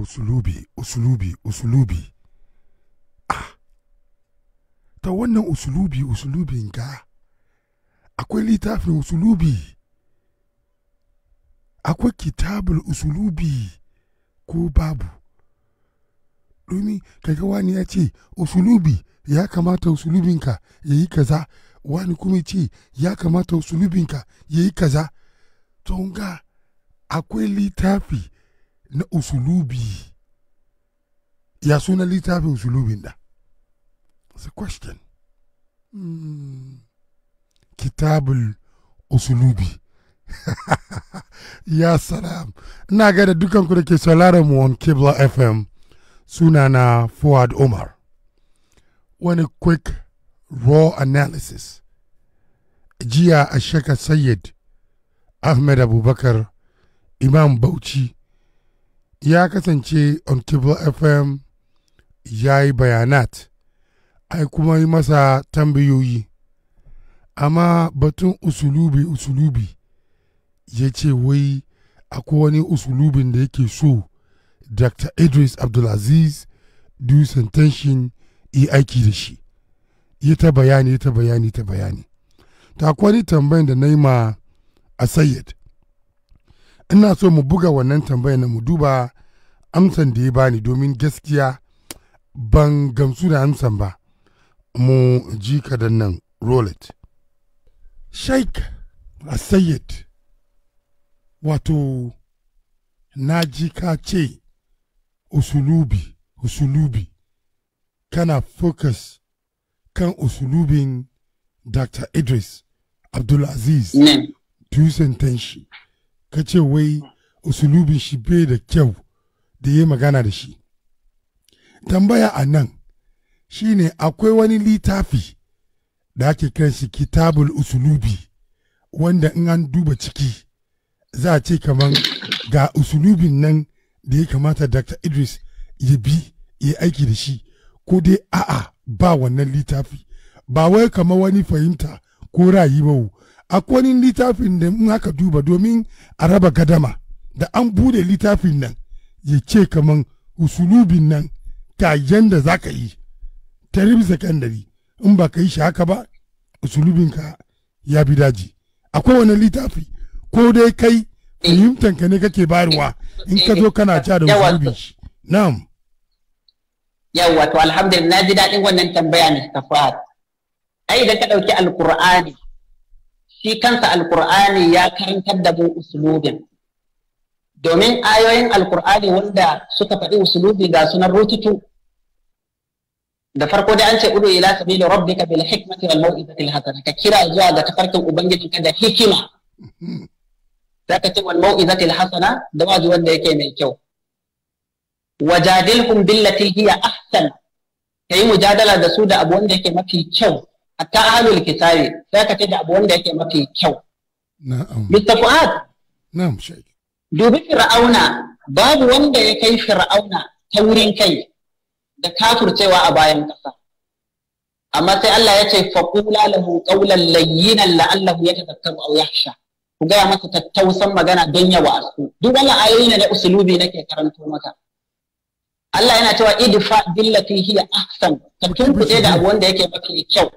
usulubi usulubi usulubi ah ta wannan usulubi usulubin ka akwai littafin usulubi akwai kitabul usulubi ko babu domin kaga wani ya ce usulubi ya kamata usulubinka ya yi kaza wani kuma ce ya kamata usulubinka ya yi kaza tonga akwai littafi na usulubi ya suna littafin usulubin da a question hmm. kitabul usulubi ya salam ina ga da dukanku da ke sauraron mu on kibla fm suna na fuad umar wani quick raw analysis jiya a shaka sayyid ahmed abubakar imam bauchi ya kasance on table FM ya yi bayanat, ai kuma yi masa tambayoyi, amma batun usulubi-usulubi ya ce wai akwai wani usulubin da yake so Dr. Idris Abdulaziz Dusan Tenshin yi aiki da shi, ya ta bayani, ya ta bayani, ta bayani. Ta kwani tambayin da na yi ma a Sayyid. ina so mu buga wannan tambayar mu duba amsan da ya bani domin gaskiya ban gamsu da amsan ba mu ji kadan nan rolet Sheikh asayid wato na ji ka ce usulubi usulubi kana focus kan usulubin dr idris abdulaziz dusan tanshi ka ce wai usulubin shi bai da kyau da ya magana da shi tambaya a nan shine akwai wani littafi da ake kiran shi kitabul usulubi wanda in an duba ciki za a ce kamar ga usulubin nan da ya kamata dr idris ya bi ya aiki da shi ko dai a'a ba wannan littafi ba wai kamar wani fahimta ko rayu ba akwai wani littafin da in aka duba domin a raba gadama da an bude littafin nan ya ce kaman usulubin nan ta yanda za ka yi ta ribi sakandari in ba ka yi shi haka ba ka ya bi daji akwai wani littafi ko dai kai ka ne kake bayarwa in ka zo kana ja da usulubin shi na'am yawwa to alhamdulillah na ji daɗin wannan tambaya ne ta ai da ka ɗauki alkur'ani shi kansa alkur'ani ya karantar da mu usulubin domin ayoyin alkur'ani wanda suka faɗi usulubi ga sunan rututu da farko dai an ce udu ila sabili rabbika bil hikmati wal mau'izati al hasana ka kira zuwa ga tafarkin ubangijinka da hikima zaka ce wal mau'izati al hasana da wazi wanda yake mai kyau wajadilhum billati hiya ahsan kai mujadala da su da abu wanda yake mafi kyau hatta ahlul kitabi sai ka da abu wanda yake mafi kyau na'am Mr. na'am dubi fir'auna babu wanda ya kai fir'auna ta wurin kai da kafurcewa a bayan kasa. amma sai Allah ya ce faqula lahu qawlan layyinan la'allahu yatadhakkaru aw yasha. ku gaya masa tattausan magana don ya wa'azu duk wannan ayoyi ne na usulubi nake karanto maka Allah yana cewa idfa billati hiya ahsan ka tunkuɗe da abu wanda yake mafi kyau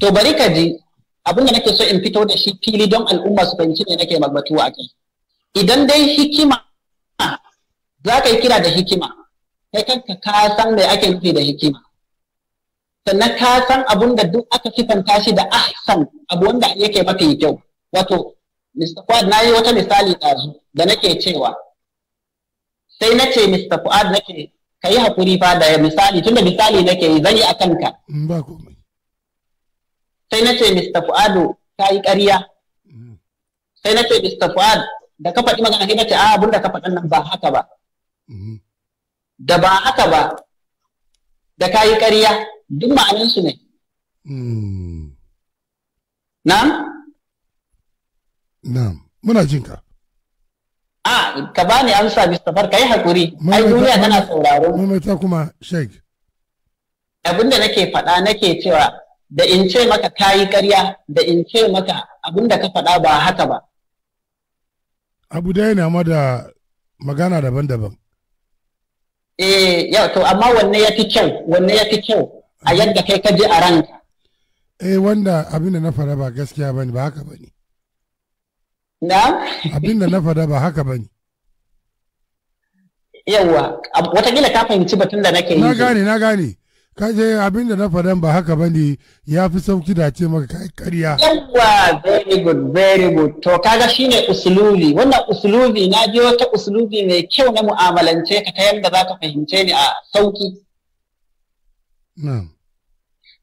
to bari ka ji abin da nake so in fito da shi fili don al'umma su fahimci ne nake magbatu a kai idan dai hikima za ka yi kira da hikima kai kanka ka san me ake nufi da hikima sannan ka san abun da duk aka sifanta shi da ahsan abu wanda yake mafi kyau wato Mr. Fuad na yi wata misali ɗazu da nake cewa sai na ce Mr. Fuad nake ka yi haƙuri fa da misali tunda misali nake yi zai a kanka mm, sai na ce Mr. Fuadu ka yi ƙarya mm. sai na ce Mr. Fuad da ka faɗi magana kai na ce a ah, abin da ka faɗan nan ba haka ba mm-hmm. da ba haka ba da ka yi ƙarya duk ma'aninsu ne mm. na'am na'am muna jinka a ka ni amsa Mustapha ka yi hakuri ai duniya tana sauraro ta kuma sheik abinda nake faɗa nake cewa da in ce maka kayi ƙarya da in ce maka abinda ka faɗa ba haka ba abu dai na ma da magana daban-daban eh ya to amma wanne ya fi kyau wanne ya fi kyau a yadda kai ka ji a ranka eh wanda abin da na fara ba gaskiya bane ba haka bane abinda na fada ba haka ba ne Yawwa, watakila ka fahimci batun da nake yi na gane na gane ka je abin na fada ba haka ba ne ya fi sauki da ce maka kai karya Yawwa, very good very good to kaga shi ne usulubi wannan usulubi na je wata usulubi mai kyau na mu'amalance ka ta yadda za ka fahimce ni a sauki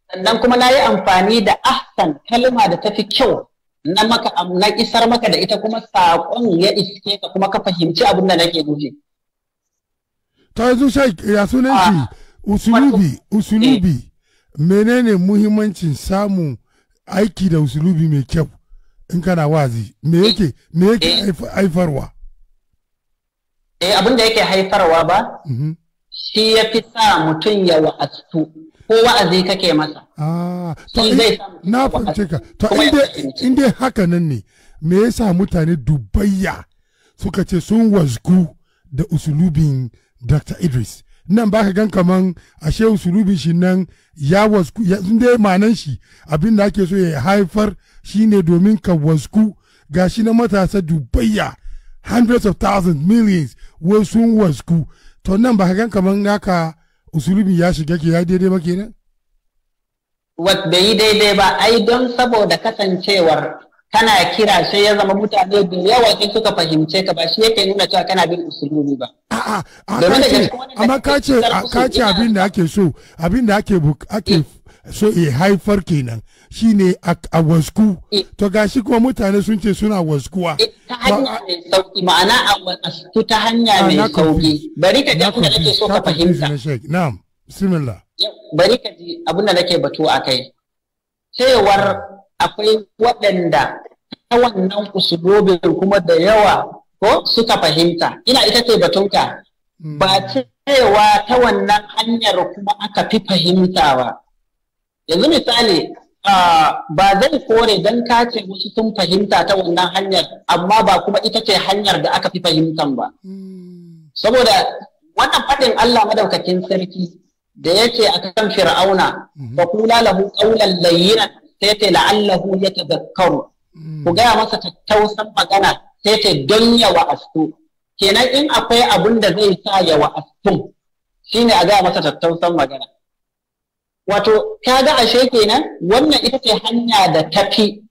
sannan kuma na yi amfani da ahsan kalma da ta fi kyau na maka na isar maka da ita kuma saƙon ya iske ka kuma ka fahimci abin da nake nufi ta yanzu shek ya sunan shi ah. usulubi usulubi eh. menene muhimmancin samun aiki da usulubi mai kyau in kana wazi me eh. yake me yake eh. haifarwa eh abin da yake haifarwa ba mhm. shi ya fi sa mutum ya wa'astu ko wa'azi kake masa Ah, zai na fahimce ka to inda haka nan ne me yasa mutane dubayya suka ce sun wasku da usulubin Dr. Idris nan ba ka gan kaman ashe usulubin shi nan ya wasku sun dai manan shi abin da ake so ya haifar shi ne domin ka wasku gashi na matasa dubayya hundreds of thousands millions wasu sun wasku to nan ba ka gan kaman ka. usulubi ya shiga ke ya daidai ba kenan wat bai yi daidai ba ai don saboda kasancewar kana kira sai ya zama mutane da yawa in suka fahimce ka ba shi yake nuna cewa kana bin usulubi ba a'a amma kace abin da ake so abin da ake eh. so ya haifar kenan shine a wasku eh. to gashi kuma mutane sun ce suna waskuwa eh, ta hanya mai sauki ma'ana a wasku ta hanya ah, mai sauki bari ka ga abin da nake so ka fahimta na'am bismillah bari ka ji abin da nake batu akai cewar akwai waɗanda ta wannan usulobin kuma da yawa ko suka fahimta ina ita ce batunka hmm. ba cewa ta wannan hanyar kuma aka fi fahimta ba yanzu misali ba zai kore don kace wasu sun fahimta ta wannan hanyar amma ba kuma ita ce hanyar da aka fi fahimtan ba. Hmm. Saboda wannan faɗin Allah madaukakin sarki da ya ce a kan fir'auna ba hmm. kula lahu ƙaunar layyina sai ta la'allahu ya ta zakkaru. Hmm. ku gaya masa tattausan magana sai ta don ya wa'astu kenan in akwai abun da zai sa ya wa'astu shine a gaya masa tattausan magana wato ga ashe kenan wannan ita ce hanya da tafi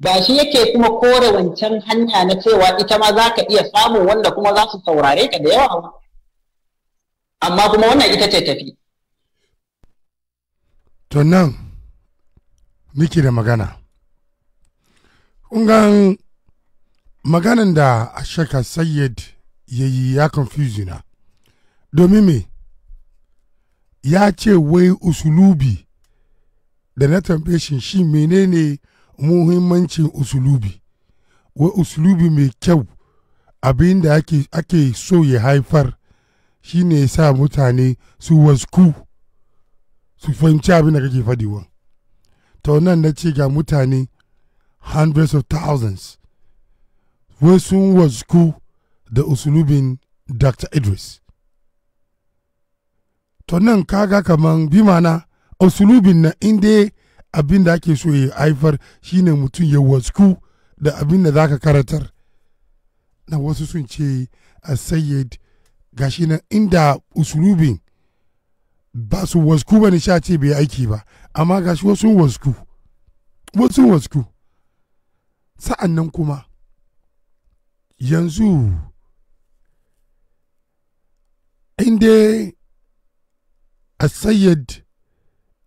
ba shi yake kuma kore wancan hanya na cewa ita ma za ka iya samun wanda kuma za su saurare ka da yawa amma kuma wannan ita ce tafi to nan miki da magana kungan maganan da ashaka sayyid ya yi ya confuse na domin me ya ce wai usulubi da na tambaye shi shi menene muhimmancin usulubi wai usulubi mai kyau abin da ake, so ya haifar shi ne sa mutane su wasku su fahimci abin da kake fadiwa ta nan na ce ga mutane hundreds of thousands wai sun wasku da usulubin dr idris to nan kaga kaman bi mana usulubin na inda abin da ake so ya haifar shine mutum ya wasku da abin da zaka karatar na wasu sun ce a sayyid gashi na inda usulubin ba su wasku ba ni sha ce bai aiki ba amma gashi wasu wasku wasu wasku sa'an nan kuma yanzu inda asayyad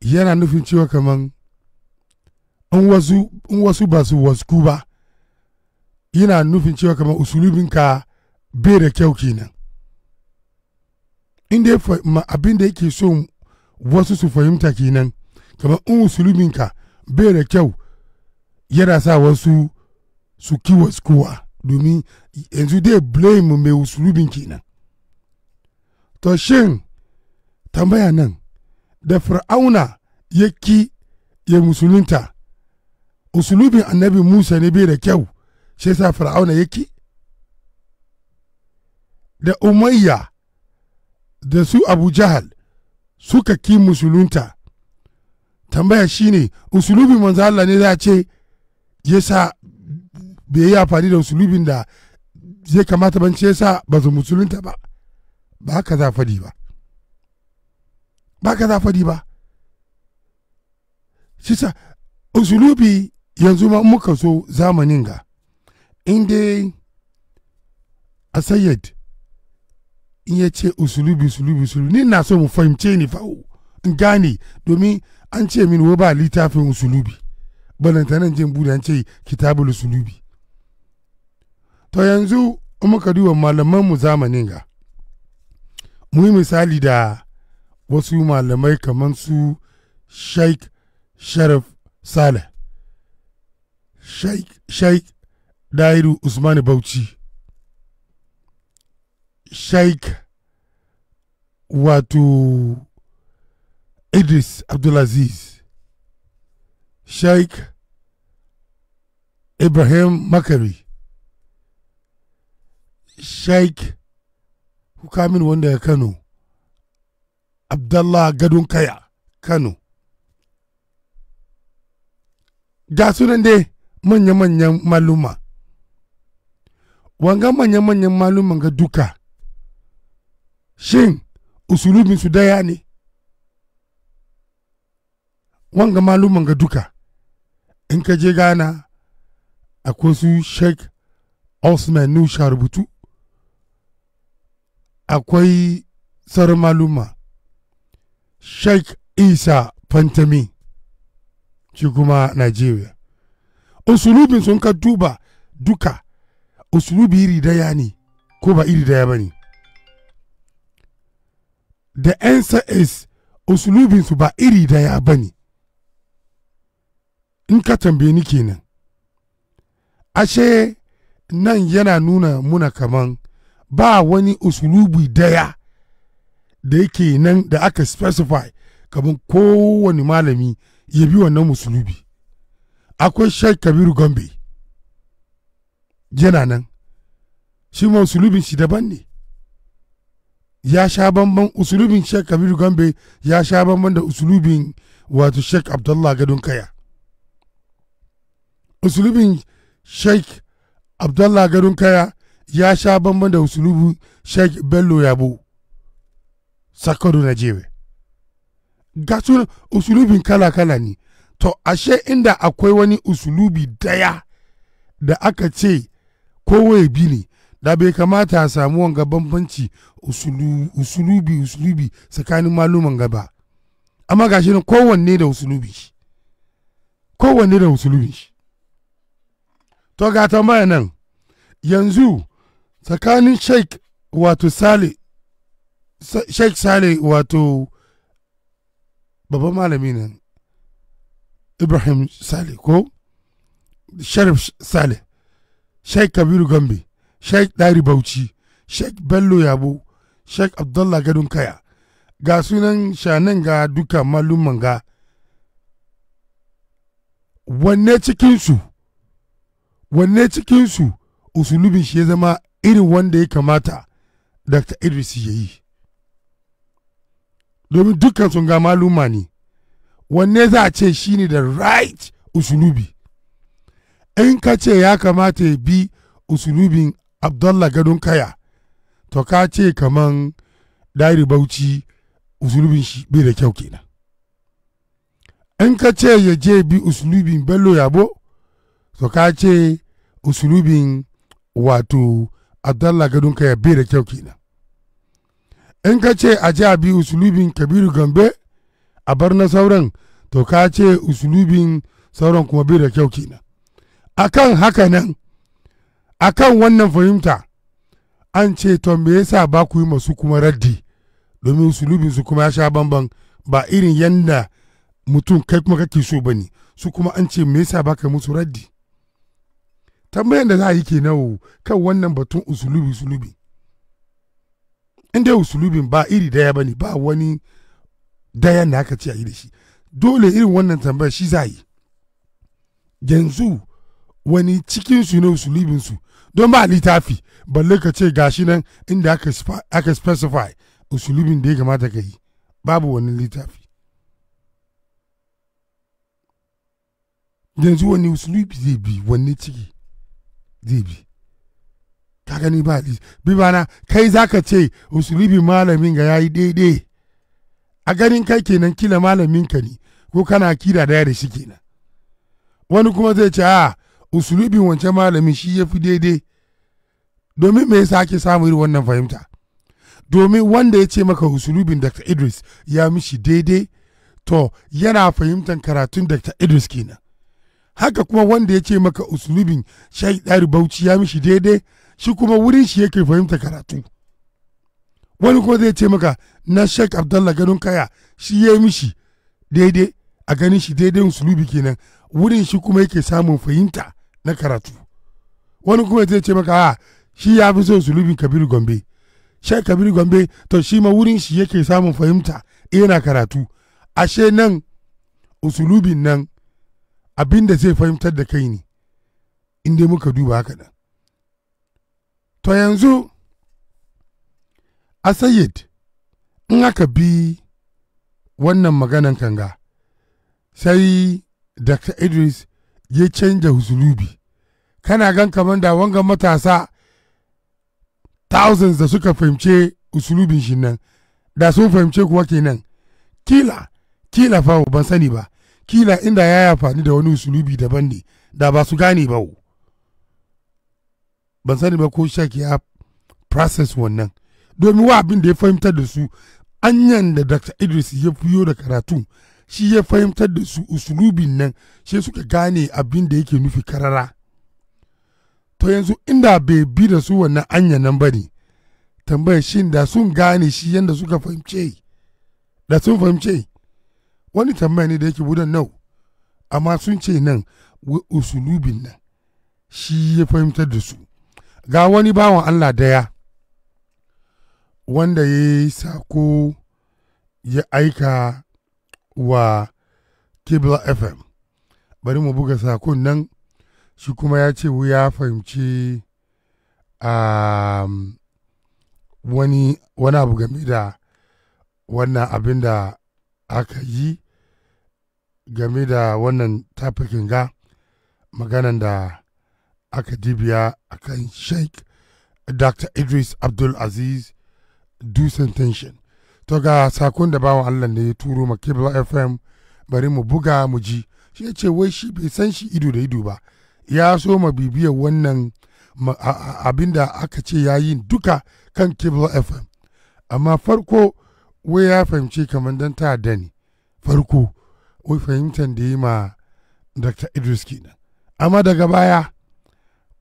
yana nufin cewa kaman in wasu ba su wasku ba yana nufin cewa kamar usulubinka bai da kyau kenan inda abin da yake so wasu su fahimta kenan kamar in usulubinka bai da kyau yana sa wasu su kiwa kowa domin yanzu dai blame mai usulubin kenan to shin tambaya nan da fir'auna ya ki ya musulunta usulubin annabi musa ne bai da kyau shi sa fir'auna ya ki da umayya da su abu jahal suka ki musulunta tambaya shine usulubin manzo Allah ne za ce ya sa bai yi amfani da usulubin da zai kamata ban ce sa ba su musulunta ba ba haka za faɗi ba ba ka za faɗi ba shi sa usulubi yanzu ma muka so zamanin ga inda a sayyad in ya ce usulubi usulubi usulubi ni na so mu fahimce ni fa in gane domin an ce min wa ba littafin usulubi balantanan jin buda an ce kitabul usulubi to yanzu muka duba malaman mu zamanin ga mu yi misali da wasu malamai kamar su sheikh sharif saleh sheikh dairu usman bauchi sheikh wato idris abdulaziz sheikh ibrahim makari sheikh hukamin wanda ya kano Abdallah Gadon Kaya, Kano. Ga sunan dai manya-manyan maluma. Wanga manya-manyan maluman ga duka, shin usulubinsu daya ne? Wanga maluman ga duka, in ka je Ghana, akwai su Sheikh Osman Nusha rubutu, akwai sauran maluma. sheikh isa fantami shi kuma Najeriya usulubin sun ka duba duka usulubi iri daya ne ko ba iri daya ba ne the answer is su ba iri daya ba ne in ka tambaye ni kenan ashe nan yana nuna muna kaman ba wani usulubi daya da yake nan da aka specify kamar kowane malami ya bi wannan musulubi akwai sheikh kabiru gombe yana nan shi ma usulubin shi daban ne ya sha banban usulubin sheikh kabiru gombe ya sha banban da usulubin wato sheikh abdullah gadon kaya usulubin sheikh abdullah gadon kaya ya sha banban da usulubin sheikh bello yabo sakkwado na jewe ga su usulubin kala-kala ne to ashe inda akwai wani usulubi daya da aka ce kowai bi ne da bai kamata a samu wanga bambanci usulubi usulubi tsakanin maluman gaba amma gashi nan kowanne da usulubi shi kowanne da usulubi shi to ga tambaya nan yanzu tsakanin sheik wato salih sheikh sale wato babban malami ne ibrahim sale ko sharif sale sheikh kabiru gombe sheikh dari bauchi sheikh bello yabo sheikh abdullah gadon kaya ga sunan shanan ga duka mallum'an ga wanne cikinsu wanne cikinsu usulubin shi ya zama irin wanda ya kamata dr idris ya yi domin dukkan sun ga maluma ne wanne za a ce shi ne da right usulubi in ka ce ya kamata ya bi usulubin abdullah gadon kaya to ka ce kaman dairi bauchi usulubin shi bai da kyau kenan in ka ce ya je bi usulubin bello yabo to ka ce usulubin wato abdullah gadon kaya bai da kyau kenan in ka ce a ji bi usulubin kabiru gambe a bar na sauran to ka ce usulubin sauran kuma bi da kyau kenan akan haka nan akan wannan fahimta an ce to me yasa ba ku yi masu kuma raddi domin usulubin su kuma ya sha bamban ba irin yanda mutum kai kuma kake so bane su kuma an ce me yasa ba ka musu raddi tambayan da za a yi kenan kan wannan batun usulubi usulubi in dai usulubin ba iri daya bane ba wani daya da aka ce a yi da shi dole irin wannan tambayar shi za yi yanzu wani cikinsu ne su don ba littafi balle ka ce gashi nan inda aka specify usulubin da ya kamata ka yi babu wani littafi yanzu wani usulubi zai bi wani ciki zai bi ka gani ba bi na kai zaka ce usulubi malamin ga yayi daidai a ganin kai kenan kila malamin ka ne ko kana kira daya da shi kenan wani kuma zai ce a usulubin wancan malamin shi ya fi daidai domin me yasa ake samu irin wannan fahimta domin wanda ya ce maka usulubin dr idris ya mishi daidai to yana fahimtar karatun dr idris kenan haka kuma wanda ya ce maka usulubin shai bauchi ya mishi daidai shi kuma wurin shi yake fahimta karatu wani kuma zai ce maka na shek abdallah ganin kaya shi ya yi mishi daidai a ganin shi daidai musulubi kenan wurin shi kuma yake samun fahimta na karatu wani kuma zai ce maka a shi ya fi son sulubin kabiru gombe shek kabiru gombe to shi ma wurin shi yake samun fahimta yana karatu ashe nan usulubin nan abinda zai fahimtar da kai ne in dai muka duba haka nan to yanzu a sayid in aka bi wannan maganan kanga sai dr idris ya canja husulubi kana gan kamar da wangan matasa thousands da suka fahimce usulubin shi nan da sun fahimce kuwa kenan kila kila fa ban sani ba kila inda ya yafani da wani usulubi daban ne da ba su gane ba ban sani ba ko shek ya process wannan domin wa abin da ya fahimtar da su anyan da dr idris ya fiyo da karatu shi ya fahimtar da su usulubin nan shi suka gane abin da yake nufi karara to yanzu inda bai bi da su wannan anya nan ba ne tambayar shi da sun gane shi yadda suka fahimce da sun fahimce wani tambaya ne da yake budan nau amma sun ce nan usulubin nan shi ya fahimtar da su ga wani bawan Allah daya wanda ya yi sako ya aika wa Kibla FM bari mu buga sakon nan shi kuma ya ce wuya fahimci um, wani wani abu game da wannan abin da aka yi game da wannan tafikin ga maganan da aka dibiya a kan sheik dr idris abdul aziz dusan tension to ga sakon da bawan allah ne ya turo ma cable fm bari mu buga mu ji shi ya ce wai shi bai san shi ido da ido ba ya so ma bibiyar wannan abinda aka ce ya yi duka kan cable fm amma farko wai ya fahimci kamar dan da ne farko wai fahimtar da yi ma dr idris kenan amma daga baya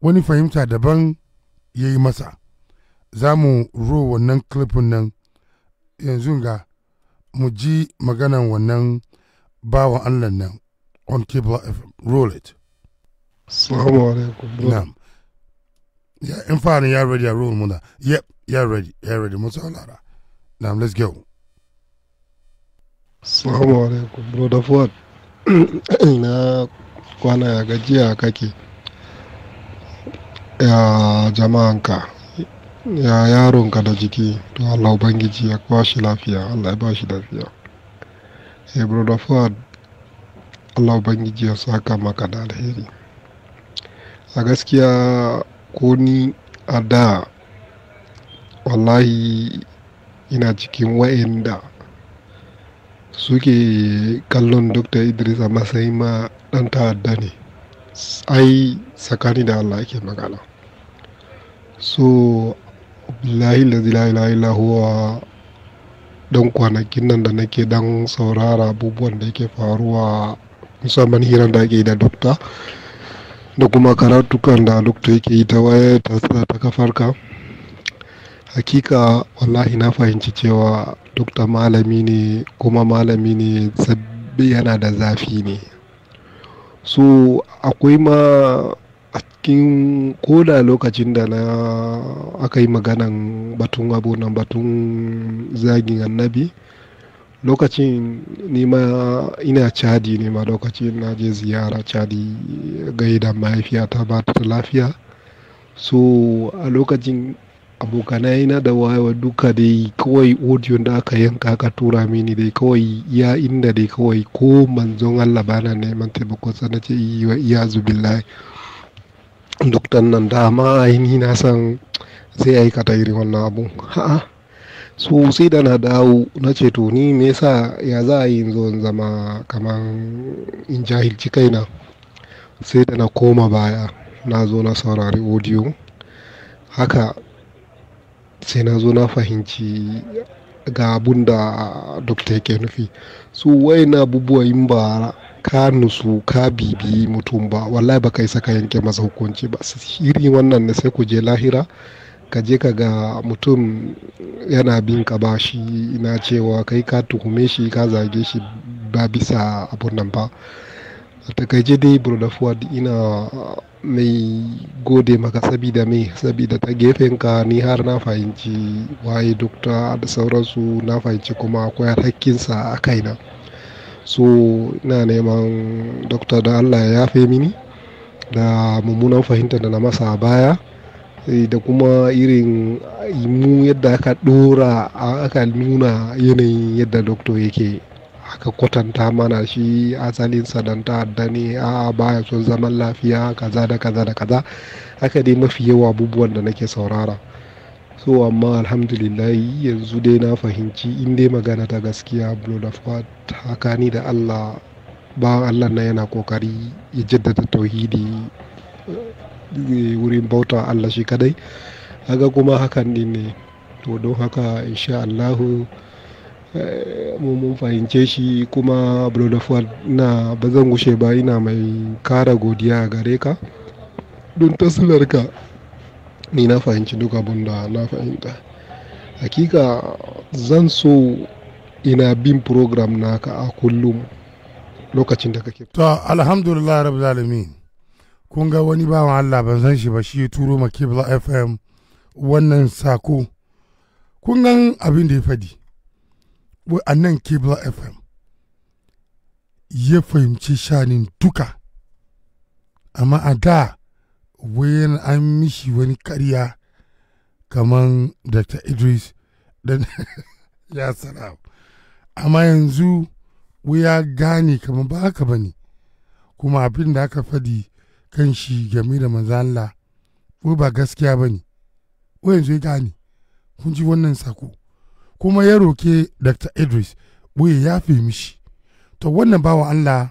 wani fahimta daban ya yi masa za mu ro wannan klifin nan yanzu ga mu ji maganan wannan bawan allah nan on cable fm roll it Assalamu alaikum. Na'am. ya in fara ya ready. I roll muna. Yep, ya ready. ya ready. Musa Olara. Now, let's go. Assalamu alaikum, brother Fuad. Ina kwana ya gajiya kake. ya jama'anka ya yaronka da jiki to Allah Ubangiji ya kwashi lafiya Allah ya ba shi lafiya eh brother Fuad Allah Ubangiji ya saka maka da alheri a gaskiya ko ni a da wallahi ina cikin wa'inda suke kallon dr idris a matsayin ma dan ta'adda ne ai tsakani da allah ake magana so billahi la ilaha illa huwa dan kwanakin nan da nake dan saurara abubuwan da yake faruwa musamman hirar da ake da dokta da kuma karatukan da dokta yake yi ta waye ta ta kafarka hakika wallahi na fahimci cewa dokta malami ne kuma malami ne sabbi yana da zafi ne so akwai ma kin koda lokacin da na aka yi maganan batun abunan batun zagin annabi lokacin nima ina cadi ne ma lokacin na je ziyara cadi gaida mahaifiyata ba ta lafiya so a lokacin abokanai na da wayewa duka dai kawai audio da aka yanka aka tura mini dai kawai ya inda dai kawai ko manzon Allah bana neman taimakon yi wa iya layi duk dan nan dama ainihi na san zai aikata irin wannan abun ha'a so sai da na dawo na ce to ni me yasa ya za a yi in zama kamar in jahilci kaina sai da na koma baya na zo na saurari audio haka sai na zo na fahimci ga abun da dokta yake nufi su wai na abubuwa in ba ka nusu ka bibi mutum ba wallahi baka isa ka yanke masa hukunci ba shiri wannan ne sai ku je lahira ka je ka ga mutum yana bin ka ba shi ina cewa kai ka tuhume shi ka zage shi ba bisa abun nan ba a takaice dai burdafuwad ina mai gode maka sabida mai sabida ta gefen ka ni har na fahimci waye dokta da sauransu na fahimci kuma akwai hakkinsa a kaina. so ina neman dokta da allah ya yafe mini da mummunan fahimta da na masa baya eh, da kuma irin mu yadda aka dora aka nuna yanayin yadda doktor yake aka kwatanta mana shi asalin sadanta da ne a baya son zaman lafiya kaza da kaza da kaza haka dai mafi yawa abubuwan da nake saurara so amma alhamdulillah yanzu dai na fahimci in dai magana ta gaskiya blood of god ni da allah ba allah na yana kokari ya jaddada tauhidi eh, wurin bauta allah shi kadai haka kuma hakan ne ne to don haka insha allahu eh, mun fahimce shi kuma blood of god na ba zan gushe ba ina mai kara godiya gare ka don tasirarka ni na fahimci duk abin da na fahimta hakika zan so ina bin program na ka a kullum lokacin da kake to alhamdulillah rabbil alamin kun ga wani ba Allah ban san shi ba shi turo ma Kibla FM wannan sako kun gan abin da ya fadi a nan Kibla FM ya fahimci shanin duka amma a da wayan an mishi wani karya kamar dr idris dan ya sana amma yanzu ya gane kamar ba haka ba ne kuma abin da aka fadi kan shi game da manzala ko ba gaskiya ba ne yanzu ya gane kun ji wannan sako kuma ya roke dr idris ya fi mishi to wannan bawa allah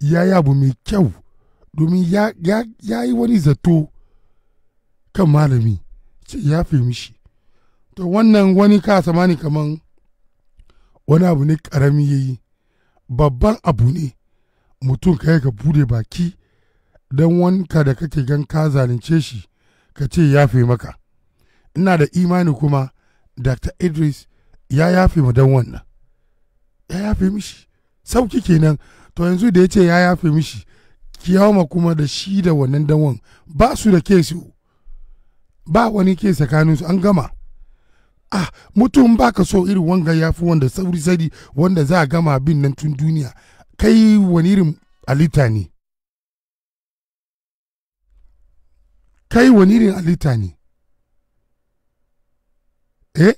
ya yabu mai kyau domin ya yi wani zato kan malami ya fi mishi to wannan wani ka samani kaman wani abu ne karami ya yi babban abu ne mutum ka yi ka bude baki don wanka da kake gan ka zalunce shi ka ce yafe maka ina da imani kuma dr idris ya yafe ma don wannan ya yafe mishi sauki kenan to yanzu da ya ce ya yafe mishi kiyama kuma da shi da wannan danwan ba su da kesu ba wani ke tsakaninsu an gama ah mutum ba ka so irin wanga ya fi wanda sauri sadi wanda za a gama bin nan tun duniya kai wani irin alita ne kai wani irin alita ne eh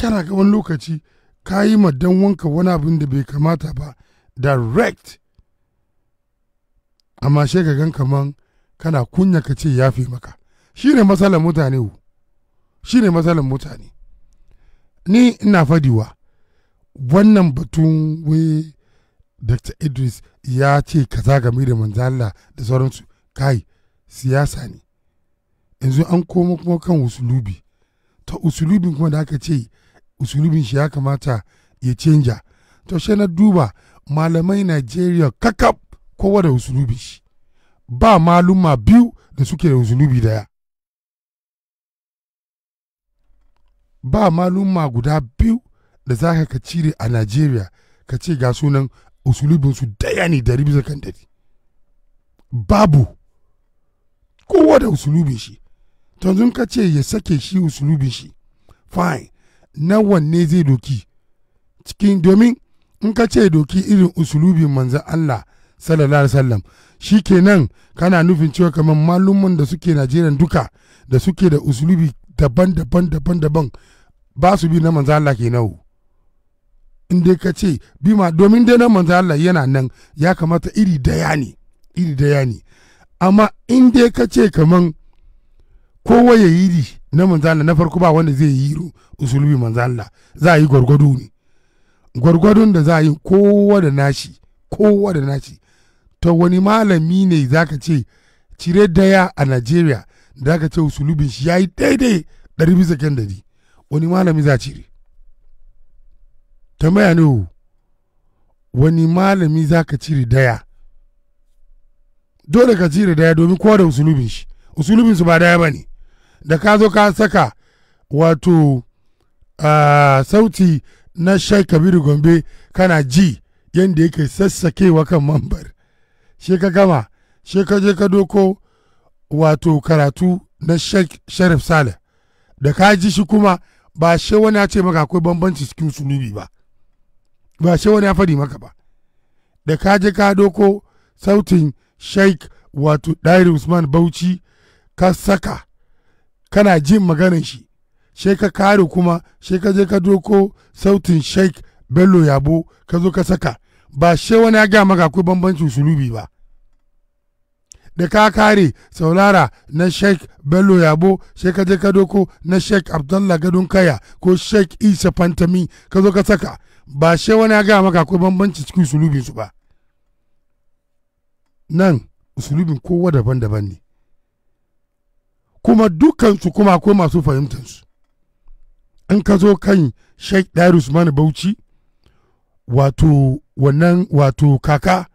kana ga wani lokaci ka yi ma wanka wani abin da bai kamata ba direct amma she ka gan kaman kana kunya ka ce ya fi maka shi ne matsalar mutane shi ne matsalar mutane ni ina fadiwa wannan batun wai dr idris ya ce kaza game da manzala da sauransu kai siyasa ne yanzu an koma kuma kan usulubi ta usulubin kuma da aka ce usulubin shi ya kamata ya canja to shi na duba malamai najeriya kakab kowa da usulubi shi ba maluma biyu da suke da usulubi daya ba maluma guda biyu da za ka cire a Najeriya ka ce ga sunan usulubinsu daya ne dari bisa kan dari babu kowa da usulubin shi tanzun ka ce ya sake shi usulubin shi fine na wanne zai doki cikin domin in ka ce doki irin usulubin manzan Allah sallallahu alaihi wasallam shikenan kana nufin cewa kamar malumman da suke Najeriya duka da suke da usulubi daban-daban daban-daban ba su bi na manzo Allah kenan in dai ka ce bi ma domin dai na manzo Allah yana nan ya kamata iri daya ne iri daya ne amma in dai ka ce kamar kowa ya yi na manzo Allah na farko ba wanda zai yi usulubi manzo Allah za a yi gwargwado ne gwargwadon da za a yi kowa da nashi kowa da nashi. to wani malami ne zaka ce cire daya a Najeriya da aka ce usulubin shi ya yi daidai ɗari bisa kyan dari wani malami za cire ta maya ne wani malami za ka cire daya dole ka cire daya domin kowa da usulubin shi usulubin su ba daya ba ne da ka zo ka saka wato uh, sauti na shai kabiru gombe kana ji yadda yake sassakewa kan mambar shi ka gama shi ka je ka doko wato karatu na sheikh sharif saleh da ka ji shi kuma ba shi wani ya ce maka akwai bambanci cikin sunubi ba ba shi wani ya faɗi maka ba da ka je ka doko sautin sheikh wato dairi usman bauchi ka saka kana jin maganar shi sai ka kare kuma sai ka je ka doko sautin sheikh bello yabo ka zo ka saka ba shi wani ya gaya maka akwai bambancin sunubi ba da ka kare saulara na sheikh bello yabo sai ka je ka doko na sheikh abdullah gadon kaya ko sheikh isa fantami ka zo ka saka ba shi wani ya gaya maka akwai bambanci cikin sulubin su ba nan sulubin kowa daban-daban ne kuma dukansu kuma akwai masu fahimtansu in ka zo kan sheikh dair usman bauchi wato wannan wato kaka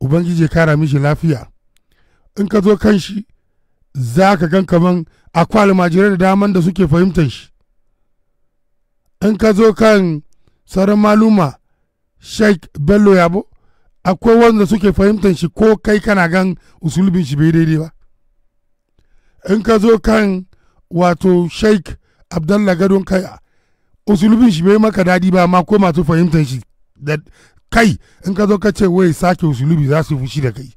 ubangiji ya kara mishi lafiya in ka zo kan shi za ka gan kaman akwai almajirai da daman da suke fahimtar shi in ka zo kan sauran maluma sheik bello yabo akwai wanda suke fahimtar shi ko kai kana gan usulubin shi bai daidai ba in ka zo kan wato sheik abdallah gadon kaya usulubin shi bai maka dadi ba ma ko masu fahimtar shi kai in ka zo ka ce wai sake usulubi za su yi fushi da kai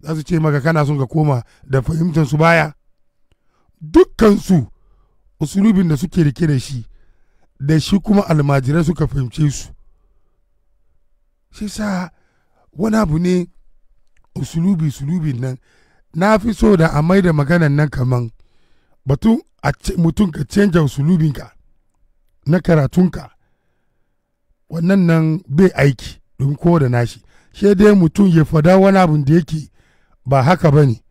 za su ce maka kana son ka koma da fahimtar su baya dukkansu usulubin da suke rike da shi da shi kuma almajirai suka fahimce su shi sa wani abu ne usulubi usulubi nan na fi so da a mai da maganan nan kaman batun mutum ka canja usulubinka na karatunka wannan nan bai aiki domin ko da nashi shi dai mutum ya fada wani abin da yake ba haka ba ne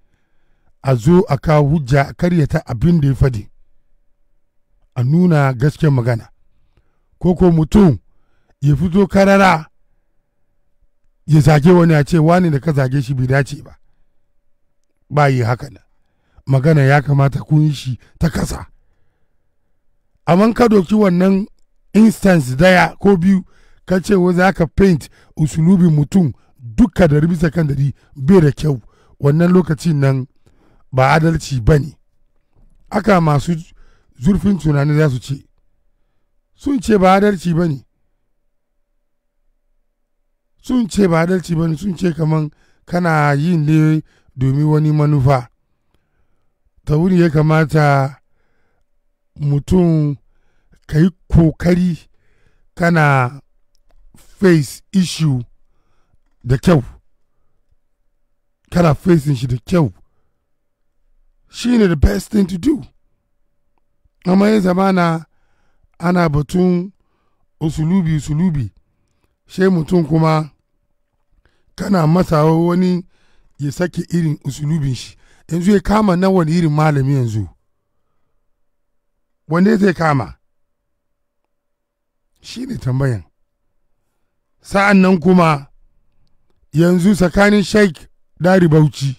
a zo a kawo hujja a karyata abin da ya fadi a nuna gasken magana ko ko mutum ya fito karara ya zage wani a ce wani da ka zage shi bai dace ba ba yi haka na magana ya kamata kun shi ta kasa amma ka doki wannan instance daya ko biyu ka ce wa za ka paint usulubi mutum duka da bisa kan dari bai da kyau wannan lokacin nan ba adalci ba ne aka masu zurfin tunani za su ce sun ce ba adalci ba ne sun ce ba adalci ba ne sun ce kaman kana yin ne domin wani manufa ta wuri ya kamata mutum ka yi kokari kana face issue da kyau kana facing shi da kyau shi ne the best thing to do amma ya zamana ana batun usulubi usulubi sai mutum kuma kana masa wani ya sake irin usulubin shi yanzu ya kama na wani irin malami yanzu wanda zai kama shi ne tambayan sa'an nan kuma yanzu tsakanin sheikh dari bauchi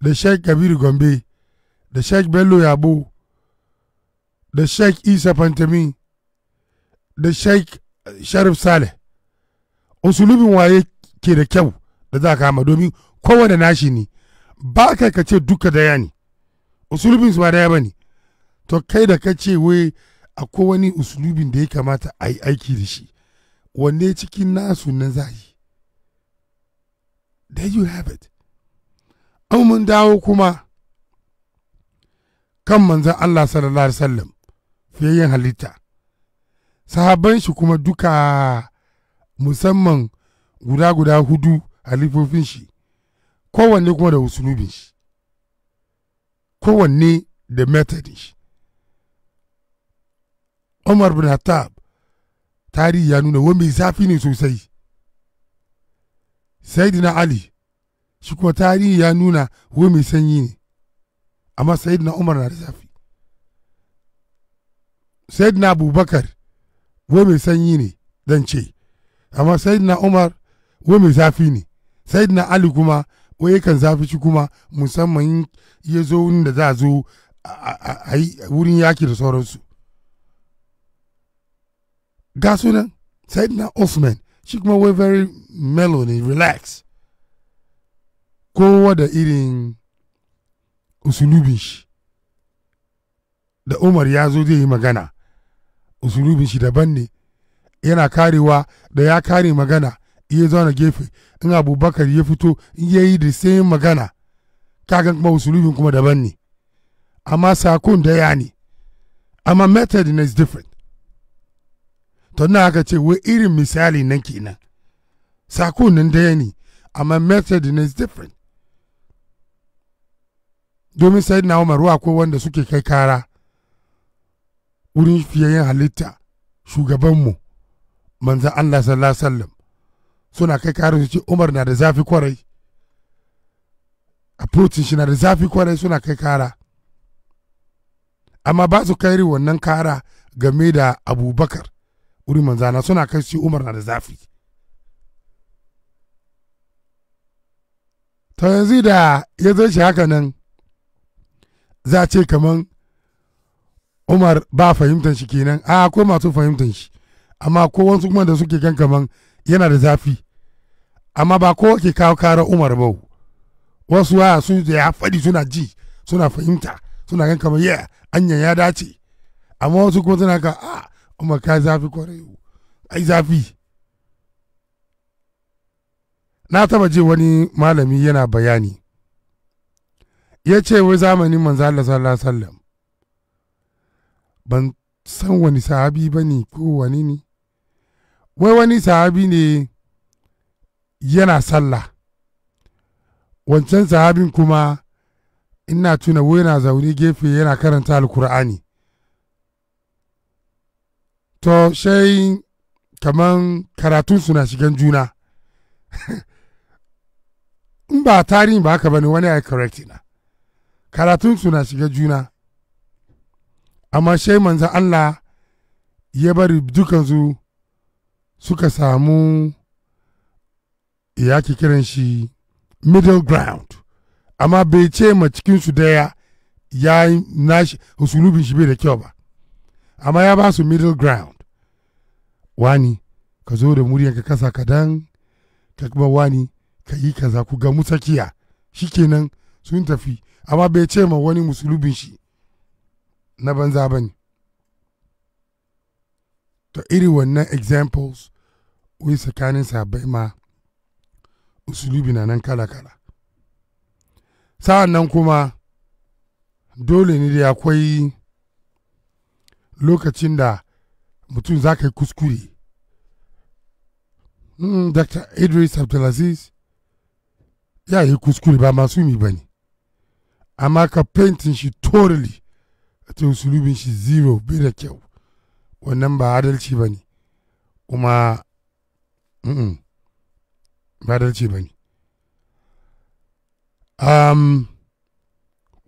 da sheikh kabir gombe da sheikh bello yabo da sheikh isa fantami da sheikh sharif saleh usulubin waye ke da kyau da za kama domin kowane nashi ne ba ka ka ce duka daya ne usulubin su ba daya ba ne to kai da ka ce wai akwai wani usulubin da ya kamata a yi aiki da shi wanne cikin nasu na zai there you have it an mun dawo kuma kan manzan Allah sallallahu alaihi wasallam halitta sahabban shi kuma duka musamman guda-guda hudu halifofin shi kowanne kuma da usulubin shi kowanne da methodin Umar bin Hattab tarihi ya nuna wani mai zafi ne sosai sayidina ali shi kuma tarihi ya nuna wani mai sanyi ne amma sayidina umar na da zafi sayidina abubakar wani mai sanyi ne dan ce amma sayidina umar wani mai zafi ne sayidina ali kuma wai yakan zafi shi kuma musamman ya zo da za a zo a yi wurin yaki da sauransu ga sunan na Osman shi kuma wai very mellow ne relax kowa da irin usulubin shi da Umar ya zo zai yi magana usulubin shi daban ne yana karewa da ya kare magana iya zauna gefe in abubakar ya fito ya yi da same magana kagan kuma usulubin kuma daban ne amma sakon da ne amma method is different to na aka ce wai irin misali nan kenan sako nan daya ne amma method is different domin sai na umar akwai wanda suke kai kara wurin fiyayen halitta shugabanmu manzan Allah sallallahu alaihi wasallam suna kai kara su ce umar na da zafi kwarai approach shi na da zafi kwarai suna kai kara amma ba su kairi wannan kara game da abubakar wurin manzana suna kai shi umar na da zafi ta yanzu da ya zai shi haka nan za ce kaman umar ba fahimtar shi kenan a ko masu fahimtar shi amma ko wasu kuma da suke kan kaman yana da zafi amma ba ko ke kawo kara umar ba wasu waya sun da ya faɗi suna ji suna fahimta suna kan kaman yeah anya ya dace amma wasu kuma suna ka a amma ka zafi kwarai ai zafi na taba je wani malami yana bayani ya ce wai zamanin manzala sallallahu sallam ban san wani sahabi ba ne ko wani ne wai wani sahabi ne yana sallah wancan sahabin kuma ina tuna wai yana zaune gefe yana karanta alkur'ani to shai kaman karatun suna shigan juna in ba tarihin ba haka bane wani ya correct na karatun suna shiga juna amma shai manzan Allah ya bari dukansu suka samu ya ki kiran shi middle ground amma bai ce ma cikinsu daya ya yi nashi shi bai da kyau ba amma ya ba su middle ground wani ka zo da ka kasa kadan ka kuma wani ka yi kaza ku ga shi shikenan sun tafi amma bai ce ma wani musulubin shi na banza ba ne Ta iri wannan examples wai tsakanin sabai ma musulubi na nan kala-kala sa'an nan kuma dole ne da akwai lokacin da mutum za ka yi kuskure hmm, dr idris abdulaziz ya yi kuskure ba masu yi ba ne amma ka fentin shi totally a ta usulubin shi zero bai da kyau wannan ba adalci ba ne kuma ba adalci ba ne um,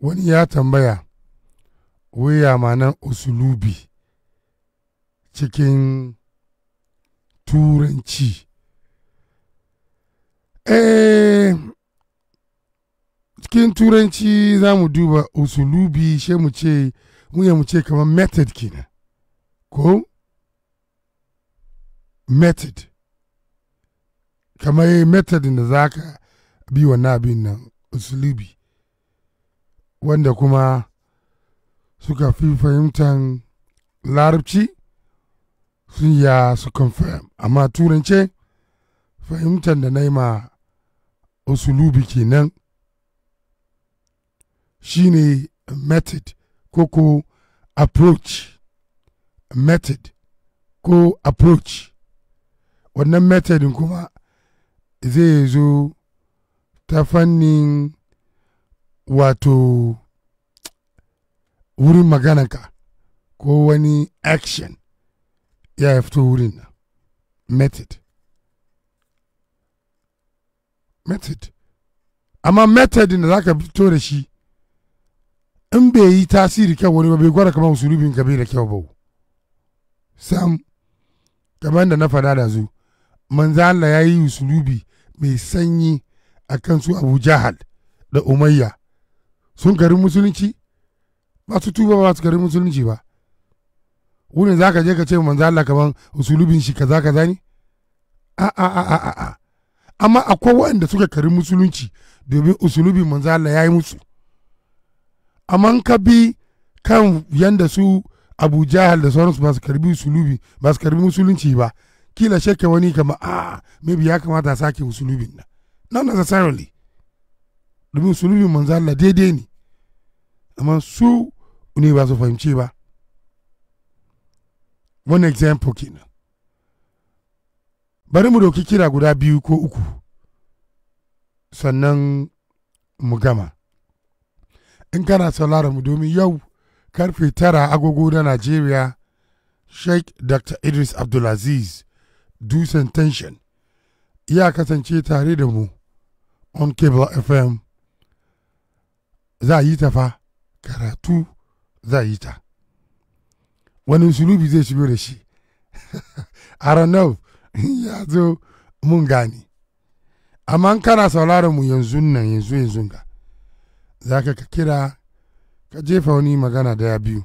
wani ya tambaya wuya ma nan usulubi cikin turanci e cikin turanci za mu duba usulubi she mu ce muya mu ce kamar method kenan ko method kamar method da za ka bi wannan abin nan usulubi wanda kuma suka fi fahimtar larabci sun ya su confirm amma turance fahimtar da na yi ma usulubi kenan shine method ko ko approach method ko approach wannan method kuma zai zo ta fannin wato wurin ka ko wani action ya fito wurin nan method method amma method da za ka fito da shi in bai yi tasiri kyau wani ba bai gwada kamar usulubin ka bai da kyau ba sam kamar da na faɗa da zu manzo Allah ya yi usulubi mai sanyi a kan su Abu Jahal da Umayya sun gari musulunci ba su tuba ba su gari musulunci ba wurin za ka je ka ce manzo Allah kaman usulubin shi kaza kaza ne a a a a a amma akwai waɗanda suka kari musulunci domin usulubin manzo Allah ya yi musu amma ka bi kan yanda su abu jahal da sauransu ba su karbi usulubi ba su karbi musulunci ba kila shake wani kama a maybe ya kamata a sake usulubin na not necessarily domin usulubin manzo Allah daidai ne amma su ne ba su fahimci ba one example kenan bari mu doki kira guda biyu ko uku sannan mu gama in kana saurara mu domin yau karfe tara agogo na najeriya sheikh dr idris abdulaziz dusan tension ya kasance tare da mu on cable fm za yi ta karatu za yi ta wani sulubi zai shigo da shi a ranar ya zo mun gane amma kana sauraron mu yanzu nan yanzu yanzu ga za ka kira ka jefa wani magana daya biyu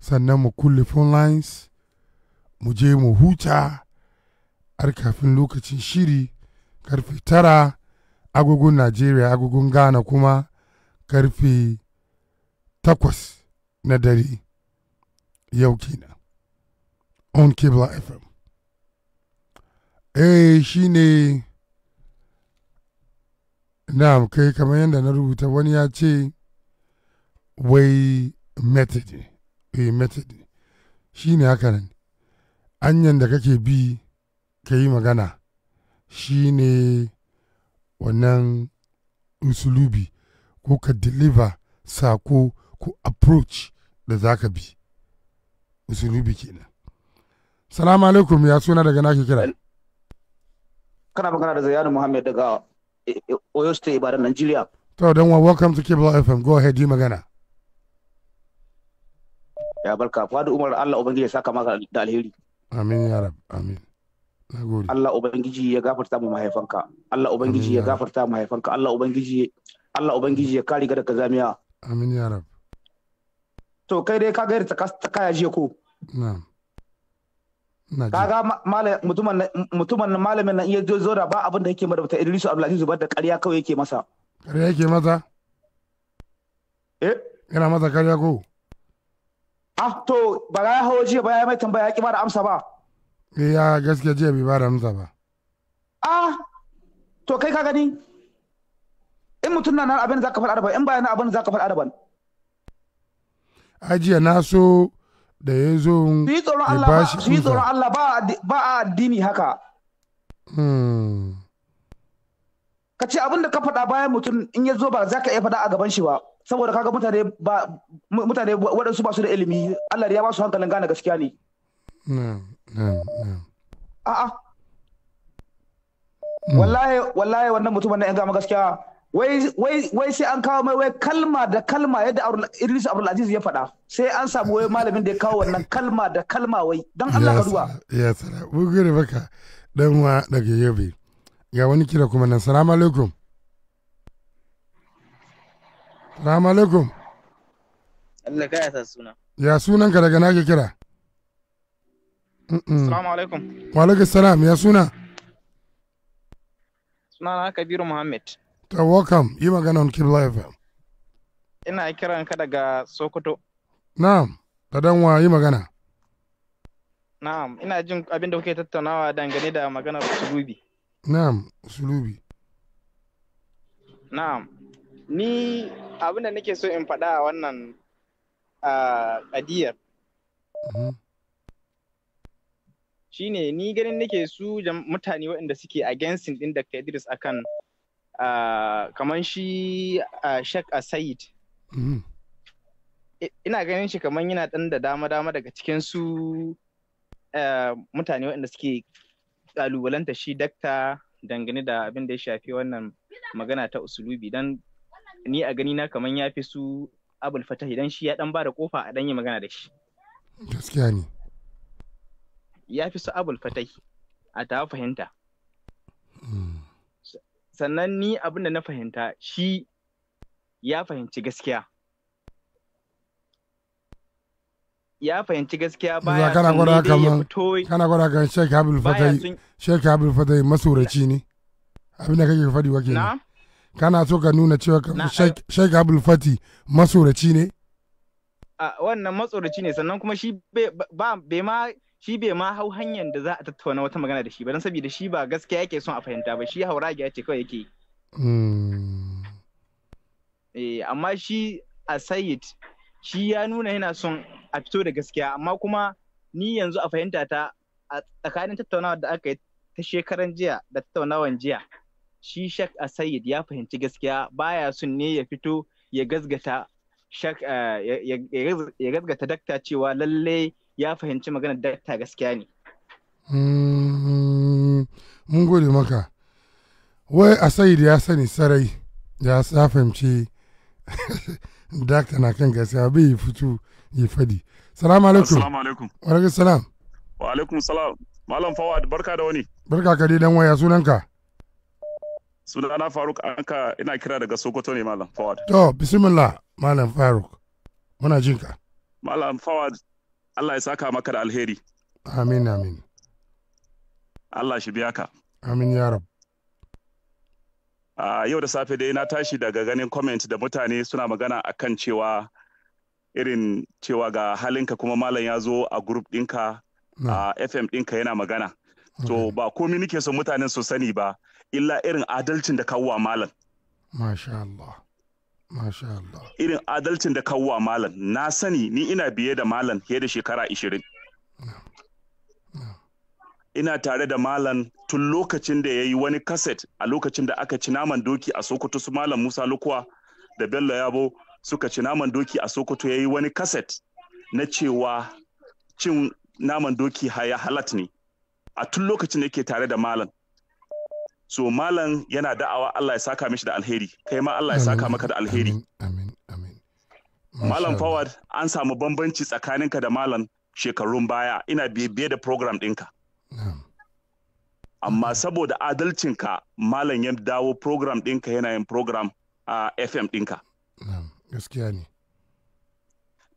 sannan mu kulle phone lines mu je mu huta har kafin lokacin shiri karfe tara agogon najeriya agogon ghana kuma karfe takwas na dare yau kenan on Kibla FM. Eh shi ne na kai kamar yadda na rubuta wani ya ce wai method eh method shi ne haka nan anyan da kake bi ka yi magana shi ne wannan usulubi ko ka deliver sako ko approach da za ka bi zunubi kenan salamu alaikum ya suna daga nake kira kana magana da zayanu muhammad daga oyo state ibadan nigeria to don wa welcome to kibla fm go ahead yi magana ya barka fadu umar allah ubangiji ya saka maka da alheri amin ya rab amin nagode allah ubangiji ya gafarta mu mahaifanka allah ubangiji ya gafarta mu mahaifanka allah ubangiji allah ubangiji ya kare gada da kazamiya amin ya rab to kai dai ka yadda ta kaya jiya ko kaga mutumin na malamin nan iya zo da ba abin da yake madabta Idrisu Abdulaziz zubar da ƙarya kawai yake masa ƙarya yake masa eh yana masa ƙarya ko ah to ba ya hawo jiya ba ya mai tambaya ya ƙi ba da amsa ba eh ya gaskiya jiya bai ba da amsa ba ah to kai ka gani in mutum na nan abin da zaka faɗa da in bayan abin da zaka faɗa da ajiya na so da ya zo ya ba shi Su tsoron Allah ba a addini haka. Hmm. Ka ce abin da ka faɗa bayan mutum in ya zo ba za ka iya faɗa a gaban shi ba. Saboda kaga mutane ba mutane waɗansu ba su da ilimi Allah ya ba su hankalin gane gaskiya ne. A'a. Hmm. Wallahi wallahi wannan mutumin na in gama gaskiya wai sai an kawo mai wai kalma da kalma yadda Idris Aziz ya faɗa sai an samu wai malamin da ya kawo wannan kalma da kalma wai don Allah ka duba ya tsara mun gode dan wa daga Yobe ga wani kira kuma nan salamu alaikum salamu alaikum Allah ka yasa suna ya sunan ka daga nake kira salamu alaikum. Wa alaikum salam ya suna? Suna na Kabiru Muhammad. Ta welcome, yi maganan Kibla FM. Ina kiran ka daga Sokoto. Na'am, da danwa yi magana. Na'am, ina jin abin da kuke tattaunawa dangane da maganar sulubi. Na'am, sulubi. Na'am, ni abin da nake so in faɗa a wannan ƙadiyar. Mhm. Shi ne, ni ganin nake su mutane waɗanda suke against ɗin Dr. Idris akan kamar shi Sheikh Said. Mm. Ina ganin shi kamar yana ɗan da dama-dama daga cikin su mutane waɗanda suke ƙalubalanta shi dakta dangane da abin da ya shafi wannan magana ta usulubi don ni a gani na kamar ya fi su abul fatahi idan shi ya dan ba da kofa a dan yi magana da shi gaskiya ne ya fi su abul fatahi a ta fahimta sannan ni abin da na fahimta shi ya fahimci gaskiya ya fahimci gaskiya baya kana gwada kaman kana gwada kan Sheikh Abdul Fatai Sheikh Abdul Fatai masuraci ne abin da kake fadi wake ne kana so ka nuna cewa Sheikh Abdul Fati masuraci ne a wannan matsoraci ne sannan kuma shi bai ma shi bai ma hau hanyar da za a tattauna wata magana da shi ba don saboda shi ba gaskiya yake son a fahimta ba shi hauragi ya ce kawai yake hmm. eh, amma shi a sayid shi ya nuna yana son a fito da gaskiya amma kuma ni yanzu a fahimta ta a tsakanin tattaunawa da aka yi ta shekaran jiya da tattaunawan jiya shi shak a sayid ya fahimci gaskiya baya son ne ya fito ya gazgata eh, dakta cewa lallai ya fahimci maganar data gaskiya ne. Mm-hmm. Mun gode maka. Wai a Said ya sani sarai ya fahimci dakta na kan gaskiya bai yi fito ya fadi. Salamu alaikum. Assalamu alaikum. Wa alaikum salam. Wa alaikum salam. Malam Fawad barka da wani. Barka ka dai dan waya sunanka. Sunana Faruk Anka ina kira daga Sokoto ne Malam Fawad. To bismillah Malam Faruk. Muna jinka. Malam Fawad Allah ya saka maka da alheri amin amin Allah shi biya ka amin ya rab yau da safe dai na tashi daga ganin comment da mutane suna magana akan cewa irin cewa ga halinka kuma malam ya zo a group ɗinka a fm ɗinka yana magana to ba komi nike son mutanen su sani ba illa irin adalcin da kawo wa malam masha Allah Irin adalcin da kawo wa malam na sani ni ina biye da malam fiye da shekara ishirin. Ina tare da malam tun lokacin da ya yi wani kaset a lokacin da aka ci naman doki a Sokoto su malam Musa Lukuwa da Bello Yabo suka ci naman doki a Sokoto ya yi wani kaset na cewa cin naman doki haya halat ne. A tun lokacin da yake tare da malam so malam yana da'awa Allah ya saka mishi da alheri kai ma Allah ya saka maka da alheri malam Fawad an samu bambanci tsakaninka da malam shekarun baya ina biye da program ɗinka amma saboda adalcinka malam ya dawo program ɗinka yana yin program a fm ɗinka gaskiya ne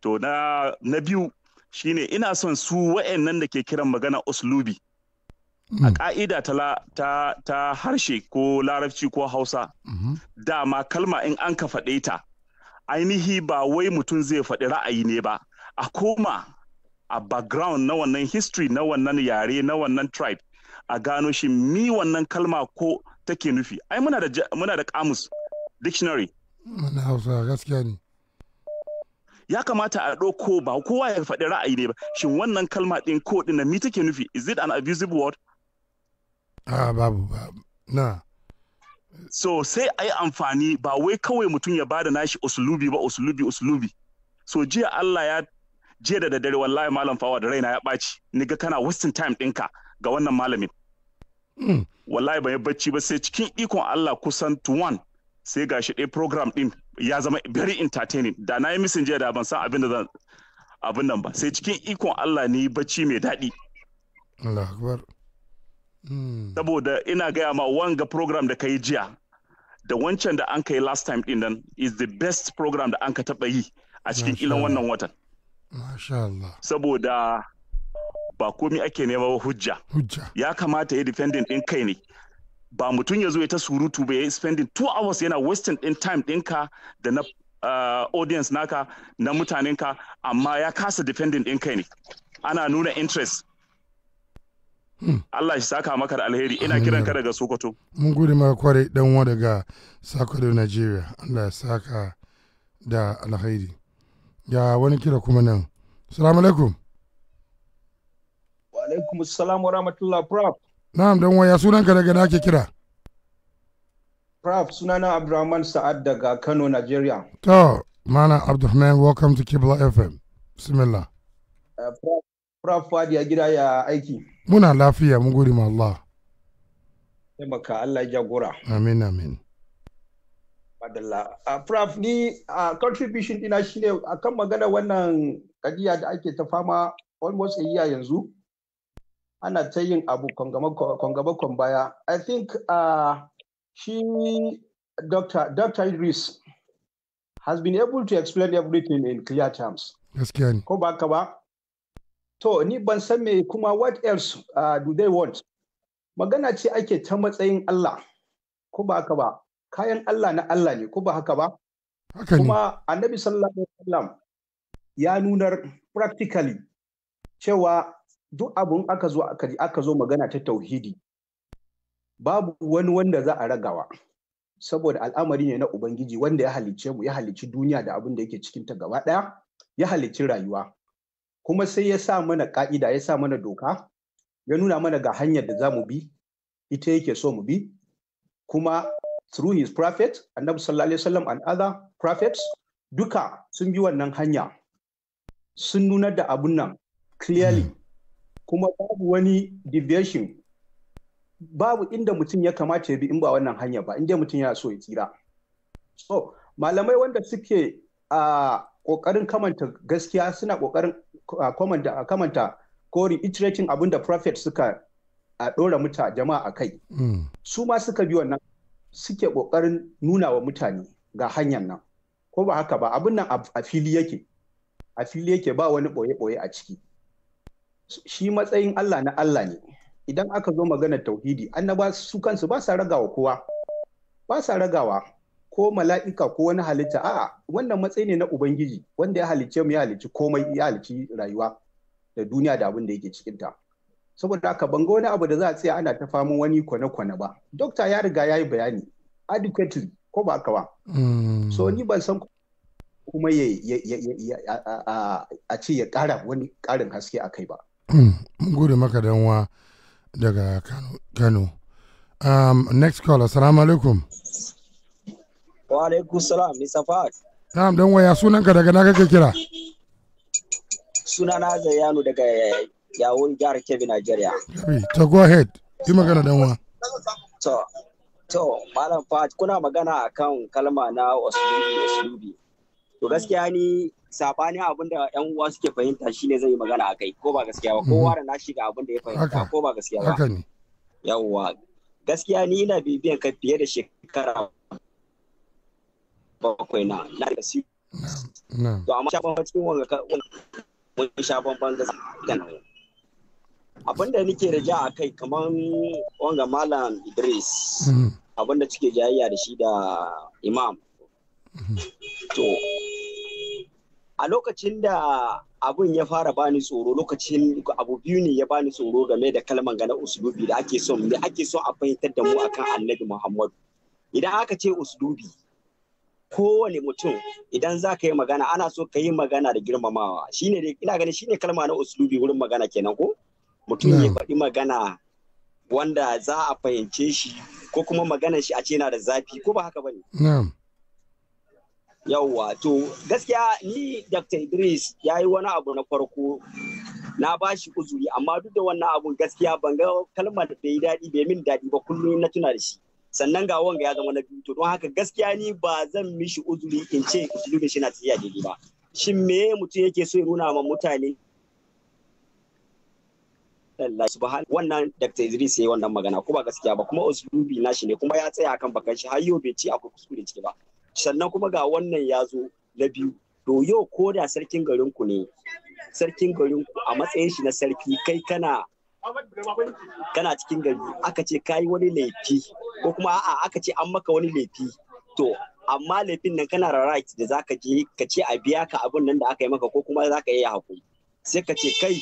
to na biyu shine ina son su wa'annan da ke kiran magana uslubi a mm. ka'ida ta, harshe ko larabci ko hausa mm-hmm. dama kalma in an ka faɗe ta ainihi ba wai mutum zai faɗi ra'ayi ne ba a koma a background na wannan history na wannan yare na wannan tribe a gano shi mi wannan kalma ko take nufi ai muna da muna da kamus dictionary Muna hausa gaskiya ne ya kamata a ɗauko ba kowa ya faɗi ra'ayi ne ba shin wannan kalma ɗin ko ɗin mi take nufi is it an abusive word Ah, babu ba na so sai a yi amfani ba wai kawai mutum ya bada nashi usulubi ba usulubi usulubi so jiya Allah ya jiya da daddare wallahi malam fawa da raina ya ɓaci ni ga kana wasting time ɗinka ga wannan malamin hmm. wallahi ban yi bacci ba sai cikin ikon Allah kusan to one sai gashi ɗaya program ɗin ya zama very entertaining da na yi misin jiya da ban san abin da zan abin nan ba sai cikin ikon Allah ne bacci mai daɗi. Allah akbar. Saboda ina gaya ma wanga program da ka yi jiya, da wancan da an kai last time din nan is the best program da an ka taɓa yi a cikin ilan wannan watan. Saboda ba komi ake nema ba hujja. Hujja. Ya kamata ya defending din kai ne. Ba mutum ya zo ya ta surutu ba ya yi spending two hours yana wasting din time ɗinka da na uh, audience naka na mutanenka amma ya kasa defending din kai ne. Ana nuna interest Allah shi saka maka da alheri ina kiran ka daga Sokoto. Mun gode maka kwarai dan wa daga Sokoto Nigeria Allah ya saka da alheri. Ya wani kira kuma nan. Assalamu alaikum. Wa alaikum assalam wa rahmatullah prof. Na'am dan ya sunan ka daga nake kira. Prof sunana Abdurrahman Sa'ad daga Kano Nigeria. To Mana Abdurrahman welcome to Kibla FM. Bismillah. Uh, prof Fadi ya gida ya aiki. muna lafiya mun gode ma Allah taimaka Allah ya jagora amin amin madalla a ah, prof ni a ah, contribution dina shine akan magana wannan kadiya da ake ta fama almost a year yanzu ana ta yin abu kon baya i think she dr dr idris has been able to explain everything in clear terms gaskiya ne ko baka ba To, ni ban san me kuma what else uh, do they want? Magana ce ake ta matsayin Allah, ko ba haka ba, kayan Allah na Allah ne, ko ba haka ba? Haka ne. Kuma annabi sallallahu alaihi wasallam ya nunar practically cewa duk abun aka zo aka zo magana ta tauhidi babu wani wanda za a ragawa saboda al'amari ne na ubangiji wanda ya halicce mu ya halicci duniya da abin da yake cikin ta gaba ɗaya, ya halicci rayuwa kuma sai ya sa mana ka'ida ya sa mana doka ya nuna mana ga hanyar da za mu bi ita yake so mu bi kuma through his prophet annabi sallallahu alaihi wasallam and other prophets duka sun bi wannan hanya sun nuna da abun nan clearly hmm. kuma babu wani deviation babu inda mutum ya kamata ya bi in ba wannan hanya ba inda mutum ya so ya tsira so malamai wanda suke a ah, kokarin kamanta gaskiya suna kokarin kamanta ko reiterating abinda da prophet suka a dora muta jama'a a kai mm. su ma suka bi wannan suke ƙoƙarin nuna wa mutane ga hanyar nan ko ba haka ba abin nan a fili yake a fili yake ba wani ɓoye boye a ciki shi matsayin Allah na Allah ne idan aka zo maganar tauhidi annaba su kansu ba sa ragawa kowa ba sa ragawa ko mala'ika ko wani halitta a'a wannan matsayi ne na ubangiji wanda ya halicce mu ya halicci komai ya halicci rayuwa da duniya da abin da yake cikin ta saboda haka ban ga wani abu da za a tsaya ana ta faman wani kwane-kwane ba dokta ya riga ya yi bayani adequately ko ba haka ba hmm. so ni ban san kuma a ce ya kara wani karin haske a kai ba hmm. gudu maka danwa daga kano um, next call assalamu alaikum Wa alaikum salam, Mr. Fahad. Na'am dan waya sunanka daga na kake kira? Sunana Zayanu daga yawon jihar Kebbi, Nigeria. Kebbi, to go ahead. Yi magana dan wa. To, to, Malam Fahad, kuna magana a kan kalma na usulubi usulubi. To gaskiya ni sabanin abin da yan uwa suke fahimta shine zai yi magana a kai ko ba gaskiya ba kowa da na shiga abin da ya fahimta ko ba gaskiya ba yawwa gaskiya ni ina bibiyan ka fiye da shekara bakwai na na da to amma shafan bamban cikin wanga kan wani shafan bamban da ganin abin da nake da ja a kai kamar wanga malam idris mm-hmm. abin da cike jayayya da shi da imam mm-hmm. to a lokacin da abin ya fara bani tsoro lokacin abu biyu ne ya bani tsoro game da kalman gana usulubi da ake son a fahimtar da mu akan annabi muhammadu idan aka ce usulubi kowane mutum idan za ka yi magana ana so ka yi magana da girmamawa shine ina shi shine kalma na uslubi wurin magana kenan ko mutum ya faɗi magana wanda za a fahimce shi ko kuma magana shi a ce yana da zafi ko ba haka bane na'am yawwa to gaskiya ni Dr. Idris ya yi wani abu na farko na ba shi uzuri amma duk da wannan abun gaskiya ban ga kalmar da ya daɗi bai min daɗi ba kullum na tuna da shi sannan ga wanga ya zama na biyu to don haka gaskiya ni ba zan mishi uzuri in ce usulubin shi na tafiya daidai ba shin me mutum yake so ya nuna ma mutane wannan Dr. Idris ya yi wannan magana ko ba gaskiya ba kuma na nashi ne kuma ya tsaya akan bakan shi har yau bai ci akwai kuskure ciki ba sannan kuma ga wannan ya zo na biyu to yau ko da sarkin garin ku ne sarkin garin ku a matsayin shi na sarki kai kana kana cikin gari aka ce kayi wani laifi ko kuma a'a aka ce an maka wani laifi to amma laifin nan kana da right da zaka je ka ce a biya ka abin nan da aka yi maka ko kuma zaka yi hakuri sai ka ce kai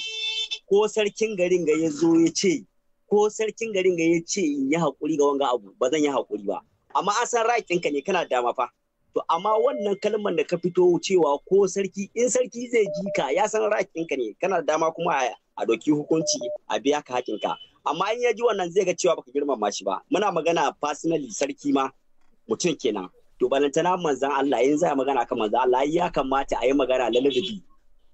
ko sarkin garin ga ya zo ya ce ko sarkin garin ga ya ce in yi hakuri ga wanga abu ba zan yi hakuri ba amma an san right ɗinka ne kana dama fa to amma wannan kalmar da ka fito cewa ko sarki in sarki zai ji ka ya san right ɗinka ne kana dama kuma a ɗauki hukunci a biya ka hakinka amma in ya ji wannan zai ga cewa baka girmama shi ba muna magana personally sarki ma mutum kenan to balantana manzan Allah in za magana kan manzan Allah ya kamata a yi magana lalabi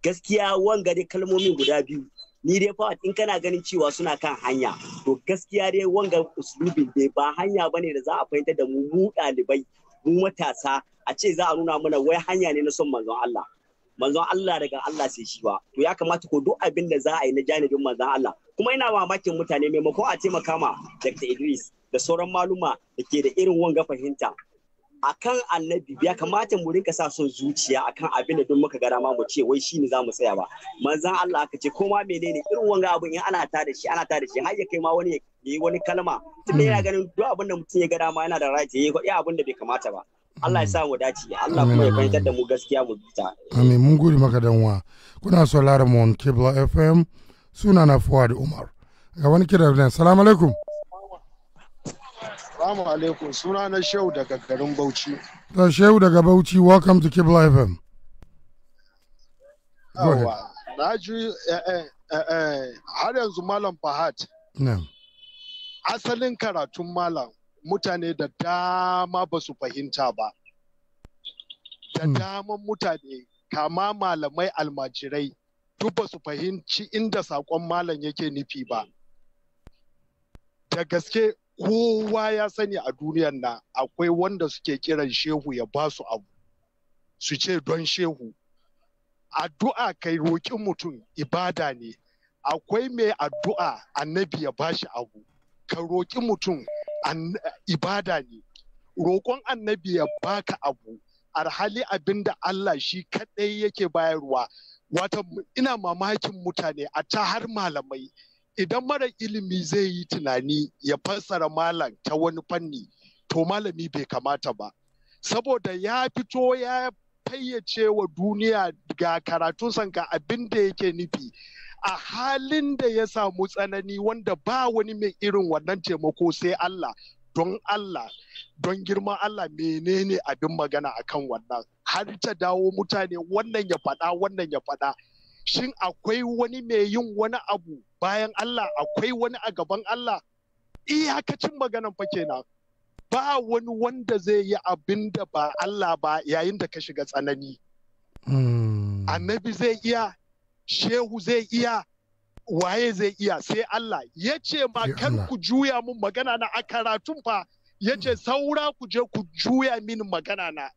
gaskiya wanga dai kalmomi guda biyu ni dai fa in kana ganin cewa suna kan hanya to gaskiya dai wanga uslubin dai ba hanya bane da za a fahimta da mu mu ɗalibai mu matasa a ce za a nuna mana wai hanya ne na son manzon Allah manzon Allah daga Allah sai shi ba to ya kamata ko duk abin da za a yi na janibin manzon Allah kuma ina mamakin mutane maimakon a taimaka ma Dr. Idris da sauran maluma da ke da irin wanga fahimta akan annabi ya kamata mu rinka sa son zuciya akan abin da duk muka gara ma mu ce wai shi ne zamu tsaya ba manzon Allah aka ce ko ma menene irin wanga abin in ana ta da shi ana ta da shi har ya kai ma wani yi wani kalma tunda yana ganin duk abin da mutum ya gara ma yana da right ya yi abin da bai kamata ba Allah ya sa mu dace Allah kuma ya fahimtar da mu gaskiya mu bita amin mun gode maka danwa kuna sauraron mu on FM suna na Fuad Umar ga wani kira da assalamu alaikum assalamu alaikum suna na Shehu daga garin Bauchi da Shehu daga Bauchi welcome to Kibla FM na ji eh, eh, eh, har yanzu Malam Fahad. Asalin karatun Malam mutane da dama ba su fahimta ba da hmm. daman mutane kama malamai almajirai duk ba su fahimci inda saƙon malam yake nufi ba da gaske kowa ya sani a duniyan nan akwai wanda suke kiran shehu ya ba su abu su ce don shehu addu'a kai roƙin mutum ibada ne akwai mai addu'a annabi ya ba shi abu ka roƙi mutum ibada ne roƙon annabi ya baka abu arhali abinda Allah shi kaɗai yake bayarwa wata ina mamakin mutane a ta har malamai idan mara ilimi zai yi tunani ya fassara malam ta wani fanni to malami bai kamata ba saboda ya fito ya fayyace wa duniya ga karatun sanka abin da yake nufi a halin da ya samu tsanani wanda ba wani mai irin wannan taimako sai Allah don Allah don girman Allah menene abin magana akan wannan har ta dawo mutane wannan ya faɗa wannan ya faɗa shin akwai wani mai yin wani abu bayan Allah akwai wani a gaban Allah iyakacin maganan fa kenan ba wani wanda zai yi abin da ba Allah ba yayin da ka shiga tsanani hmm. annabi zai iya shehu zai iya waye zai iya sai Allah ya ce ma kar ku juya mun magana na a karatun fa ya ce saura ku je ku juya min magana na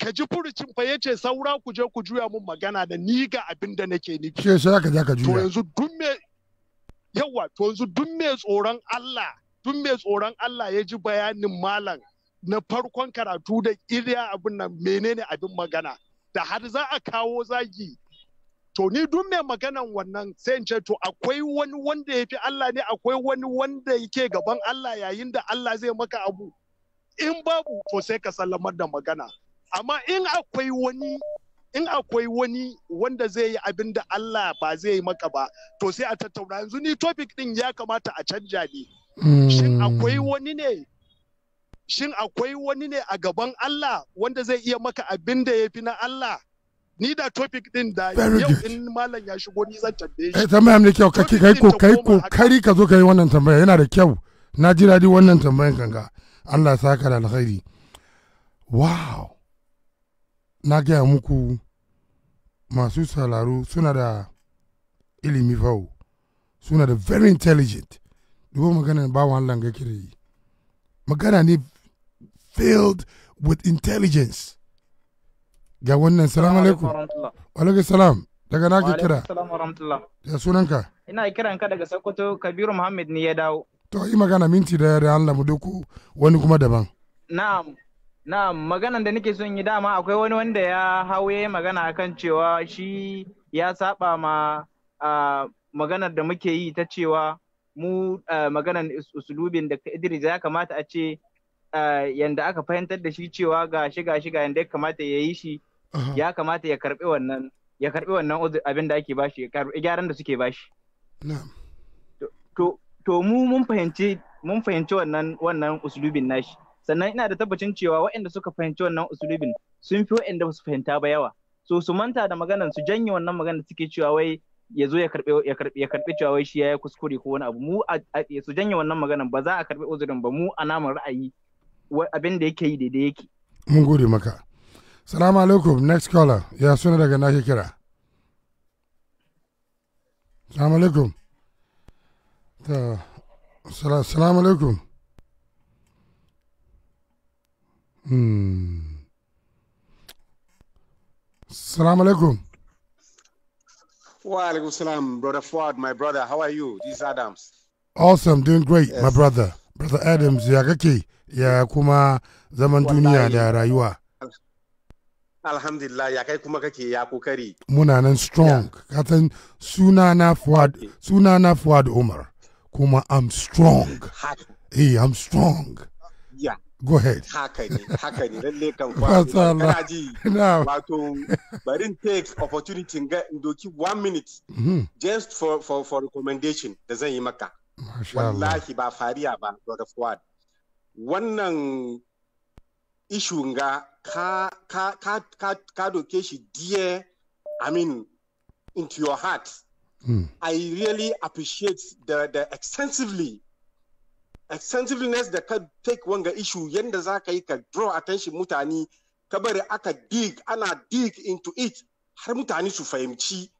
ka ji furucin fa ya ce saura ku je ku juya mun magana da ni ga abin da nake nufi shi sai ka ka juya to yanzu duk me yawa to yanzu duk me tsoron Allah duk me tsoron Allah ya ji bayanin malam na farkon karatu da iriya abin nan menene abin magana da har za a kawo zagi to ni duk mai magana wannan sai in ce to akwai wani wanda yafi Allah ne akwai wani wanda yake gaban Allah yayin da Allah zai maka abu in babu to sai ka sallamar da magana amma in akwai wani in akwai wani wanda zai yi abin da Allah ba zai yi maka ba to sai a tattauna yanzu ni topic din ya kamata a canja ne shin hmm. akwai wani ne shin akwai wani ne a gaban Allah wanda zai iya maka abin da ya fi na Allah ni da topic din da yau in malam ya shigo ni zan tambaye shi eh tambaya ne kyau kake kai ko kai kari ka zo kai wannan tambaya yana da kyau na ji dadi wannan tambayan kanka Allah ya saka da alkhairi wow na gaya muku masu salaru suna da ilimi fawo suna da very intelligent dubo magana bawan Allah ga kire magana ne filled with intelligence ga wannan salamu alaikum alaikum salam daga na ke kira ya sunanka ina kiran ka daga sokoto kabiru muhammad ne ya dawo to yi magana minti da yare Allah mu duku wani kuma daban na'am na'am maganan da nake son yi dama akwai wani wanda ya hau ya magana akan cewa shi ya saba ma maganar da muke yi ta cewa mu maganar usulubin da Idris ya kamata a ce yanda aka fahimtar da shi cewa ga shiga shiga yanda ya kamata ya yi shi ya kamata ya karbi wannan ya karbi wannan abin da ake bashi ya karbi gyaran da suke bashi to to mu mun fahimci mun fahimci wannan wannan usulubin nashi sannan ina da tabbacin cewa waɗanda suka fahimci wannan usulubin sun fi waɗanda su fahimta ba yawa so su manta da maganan su janye wannan magana suke cewa wai ya zo ya karbe cewa wai shi ya yi kuskure ko wani abu mu su janye wannan maganan ba za a karbe uzurin ba mu a namun ra'ayi abin da yake yi daidai yake mun gode maka Salamu alaikum, next caller. Ya suna daga na kira. Salamu alaikum. Ta, salamu alaikum. Hmm. Salamu alaikum. Wa alaikum salam, brother Ford, my brother. How are you? This is Adams. Awesome, doing great, yes. my brother. Brother Adams, ya kake, ya kuma zaman duniya da rayuwa. alhamdulillah ya kai kuma kake ya kokari muna nan strong Katan suna na fuad fuad umar kuma i'm strong eh i'm strong go ahead haka ne haka ne lalle kan kana ji wato barin takes opportunity ga doki one minute mm-hmm. just for for for recommendation da zan yi maka wallahi ba fariya ba dr fuad wannan ishu ga ka ka ka ka ka doke shi dear i mean into your heart mm. i really appreciate the the extensively extensiveness da ka take wanga issue yanda za ka yi ka draw attention mutane ka bari aka dig ana dig into it har mutane su fahimci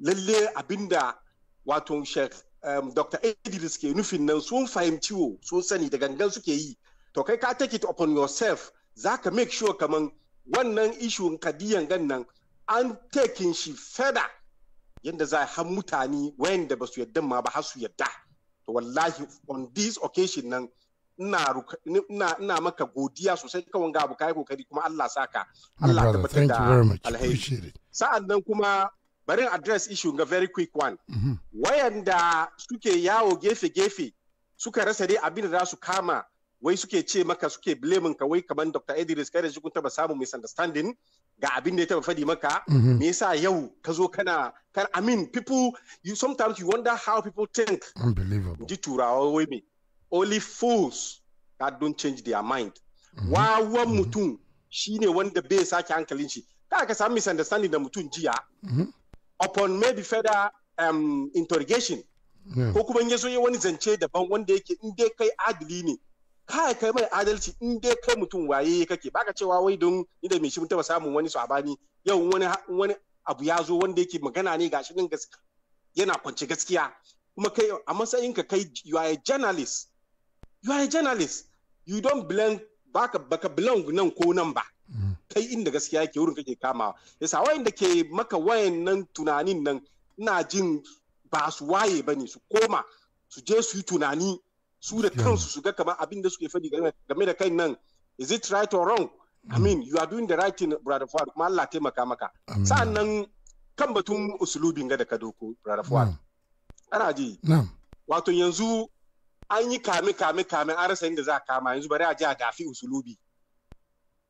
lalle abinda wato sheikh um, dr idris ke nufin nan sun fahimci wo sun sani da gangan suke yi to kai ka take it upon yourself za ka make sure kaman wannan ishu kadiyan gan nan an tekin shi feda yadda za a mutane wayanda ba su yadda ma ba har su yadda to wallahi on this occasion nan ina maka godiya sosai kawai ga abu kai kokari kuma Allah saka Allah tabbatar da alheri sa'an nan kuma barin address issue ga very quick one mm-hmm. wayanda suke yawo gefe gefe suka rasa dai abin da za su kama wai suke ce maka suke blaming ka wai kamar Dr. Idris kai da shi kun taba samun misunderstanding ga abin da ya taba fadi maka mhm. me yasa yau ka zo kana kar I mean people you sometimes you wonder how people think unbelievable ji turawa wai me only fools that don't change their mind mhm. wawan mhm. mutum shine wanda bai sake hankalin shi ka ka samu misunderstanding da mutum jiya upon maybe further um, interrogation ko kuma ya yi wani zance daban wanda yake in dai kai adili ne kai kai mai adalci in dai kai mutum waye kake baka cewa wai don inda mai shi mun taba samun wani sabani yau wani wani abu ya zo wanda yake magana ne gashi din gaskiya yana kwance gaskiya kuma kai a matsayin ka kai you are a journalist you are a journalist you don't belong baka baka belong nan ko nan ba mm. kai inda gaskiya yake wurin kake kamawa yasa wayanda ke maka wayannan tunanin nan ina jin ba su waye bane su koma su je su yi tunani su da kansu su ga kamar abin da suke faɗi game da kai nan is it right or wrong I mean you are doing the right thing brother Fuad kuma Allah taimaka maka sa'an nan kan batun usulubin ga da ka doko brother Fuad ana ji wato yanzu an yi kame kame kame an rasa inda za kama yanzu bari a je a dafi usulubi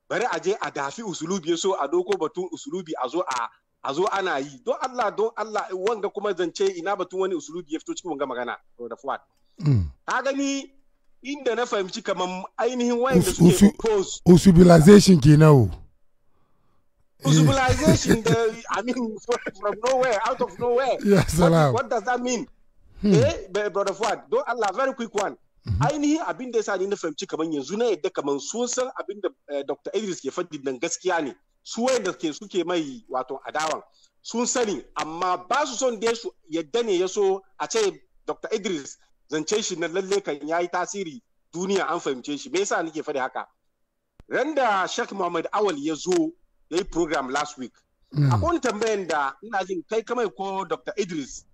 bari a je a dafi usulubi so a doko batun usulubi a zo a a zo ana yi don Allah don Allah wanga kuma zance ina batun wani usulubi ya fito cikin wanga magana brother Fuad ka gani inda na fahimci kamar ainihin da suke propose usubilization kenan o eh. usubilization da i mean from nowhere out of nowhere yes, what, what does that mean hmm. eh brother Fuad do Allah very quick one mhm. ainihin abin da yasa ni na fahimci kamar yanzu na yadda kamar sun san abin da eh, Dr. Idris ke faɗi nan gaskiya ne su da ke suke mai wato adawan sun sani amma ba su son dai su yadda ne ya so a ce Dr. Idris zance shi na lalle kan yi tasiri duniya an fahimce shi me yasa nake faɗi haka randa Sheikh Muhammad Awal ya zo yi program last week hmm. akwai wani tambayan da ina jin kai kamar ko Dr. Idris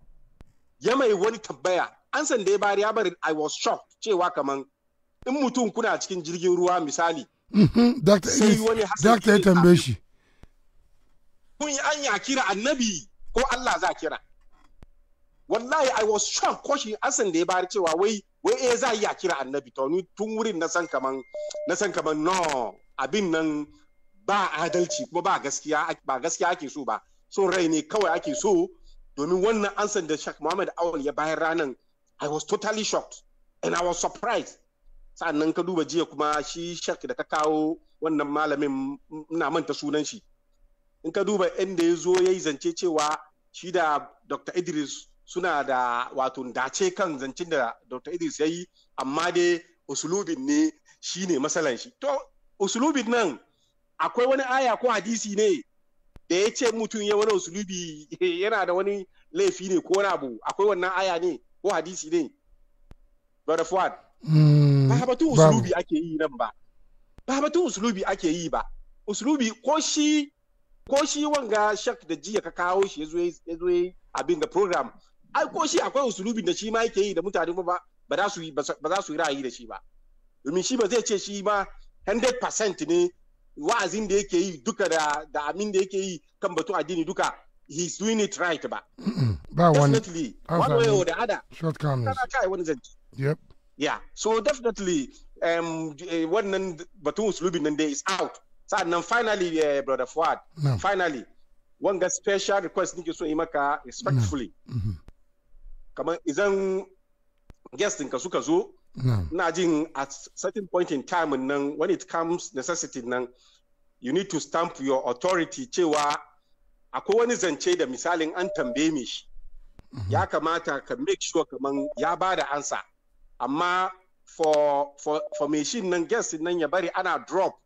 ya mai wani tambaya an san da ya bari ya bari I was shocked cewa kaman in mutum kuna cikin jirgin ruwa misali hmm, Dr. ya tambaye shi kun yi anya kira annabi ko Allah za kira wallahi i was shocked ko shi asan da ya bari cewa wai wai eh za iya kira annabi to ni tun wurin na san kaman na san kaman no abin nan ba adalci kuma ba gaskiya ba gaskiya ake so ba son rai ne kawai ake so domin wannan ansan da Sheikh Muhammad Awal ya bayar ranan i was totally shocked and i was surprised sannan ka duba jiya kuma shi Sheikh da ka kawo wannan malamin ina manta sunan shi in ka duba inda ya zo ya yi zance cewa shi da Dr. Idris suna da wato dace kan zancen da dr idris ya yi amma dai usulubin ne shi ne matsalan shi to usulubin nan akwai wani aya ko hadisi ne da ya ce mutum ya wani usulubi yana da wani laifi ne ko wani abu akwai wannan aya ne ko hadisi ne brother fuad hmm, ba batun usulubi ake yi nan ba ba batun usulubi ake yi ba usulubi ko shi ko shi wanga shak da jiya ka kawo shi ya zo abin da program ai ko shi akwai usulubin da shi ma yake yi da mutane ba ba za su yi ba za su yi ra'ayi da shi ba domin shi ba zai ce shi ma 100% ne wa'azin da yake yi duka da da amin da yake yi kan batu addini duka he's doing it right ba ba wani definitely one way or the other shortcomings kai wani zance yep yeah so definitely um eh, wannan batun usulubin nan dai is out sannan finally uh, brother Fuad no. finally wanga special request nake so yi maka respectfully mm -hmm. kamar idan guest ka suka zo na jin at certain point in time nan when it comes necessity nan you need to stamp your authority cewa akwai wani zance da misalin an tambaye mi shi mhm. ya kamata ka make sure kaman ya ba da ansa amma for, for, for nan guest nan ya bari ana drop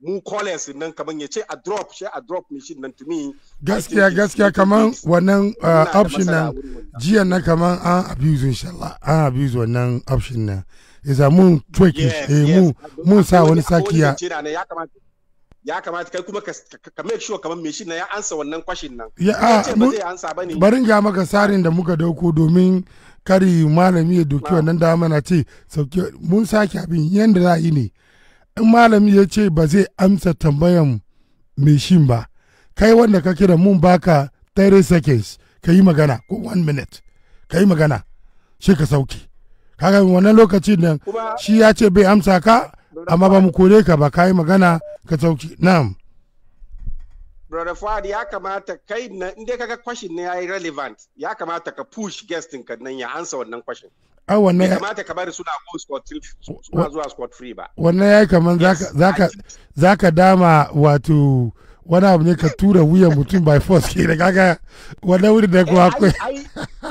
mu Collins nan kaman ya ce a drop shi a drop machine nan to me gaskiya gaskiya kaman wannan uh, option nan jiya na kaman an abuse inshallah an abuse wannan option nan isa mun tweaking eh mu mun sa wani sakiya ya kamata kai kuma ka make sure kaman me na ya ansa wannan question nan ya a ba zai ah, ansa bane barin ga maka sarin da muka dauko domin kari malami ya doki wannan dama na ce sauki mun sake abin yanda za yi ne in malami ya ce ba zai amsa tambayan mai shin ba kai wanda ka kira mun baka 30 seconds ka yi magana ko 1 minute ka yi magana shi ka sauki kaga wannan lokacin nan shi ya ce bai amsa ka amma ba mu kore ka ba ka yi magana ka sauki na'am brother Fuad ya kamata kai na inda kaga question ne yayi relevant ya kamata ka push guest ka nan ya ansa wannan question ai wannan ya kamata kamar bari suna go squad suna zuwa squad free ba wannan yayi kaman zaka zaka dama wato wani abu ne ka tura wuyan mutum by force ke da kaga wannan wuri da kuwa eh, akwai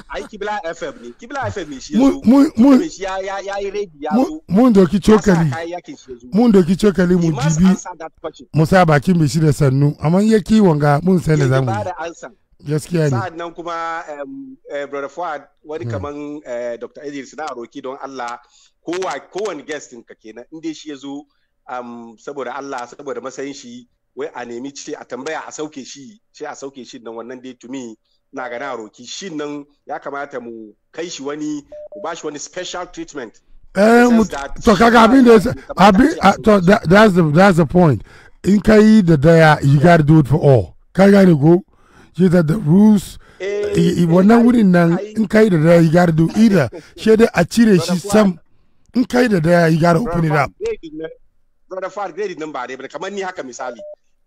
ai kibla fm ne kibla fm ne shi ya ya ya yi rabi ya zo mun doki cokali mun doki cokali mun dibi musa bakin mai shi da sannu amma yaki wanga mun sai da zamu yi gaskiya ne sa'an nan kuma brother Fuad wani hmm. kaman eh, Dr. Idris na roki don Allah kowa kowane guest ka kenan na inda shi ya zo saboda Allah saboda matsayin shi wai a nemi ce a tambaya a sauke shi ce a sauke shi nan wannan dai to me na ga na roki shi nan ya kamata mu kai shi wani mu ba shi wani special treatment eh to kaga abin da abin ah, to that's the that's the point in kai da daya you got to do it for all ka gane ko shi da da rus eh, eh, wannan wurin nan in kai da da yi gotta do ida shi da a cire shi sam in kai da da yi gotta open it up brother far grade nan ba dai ba kamar ni haka misali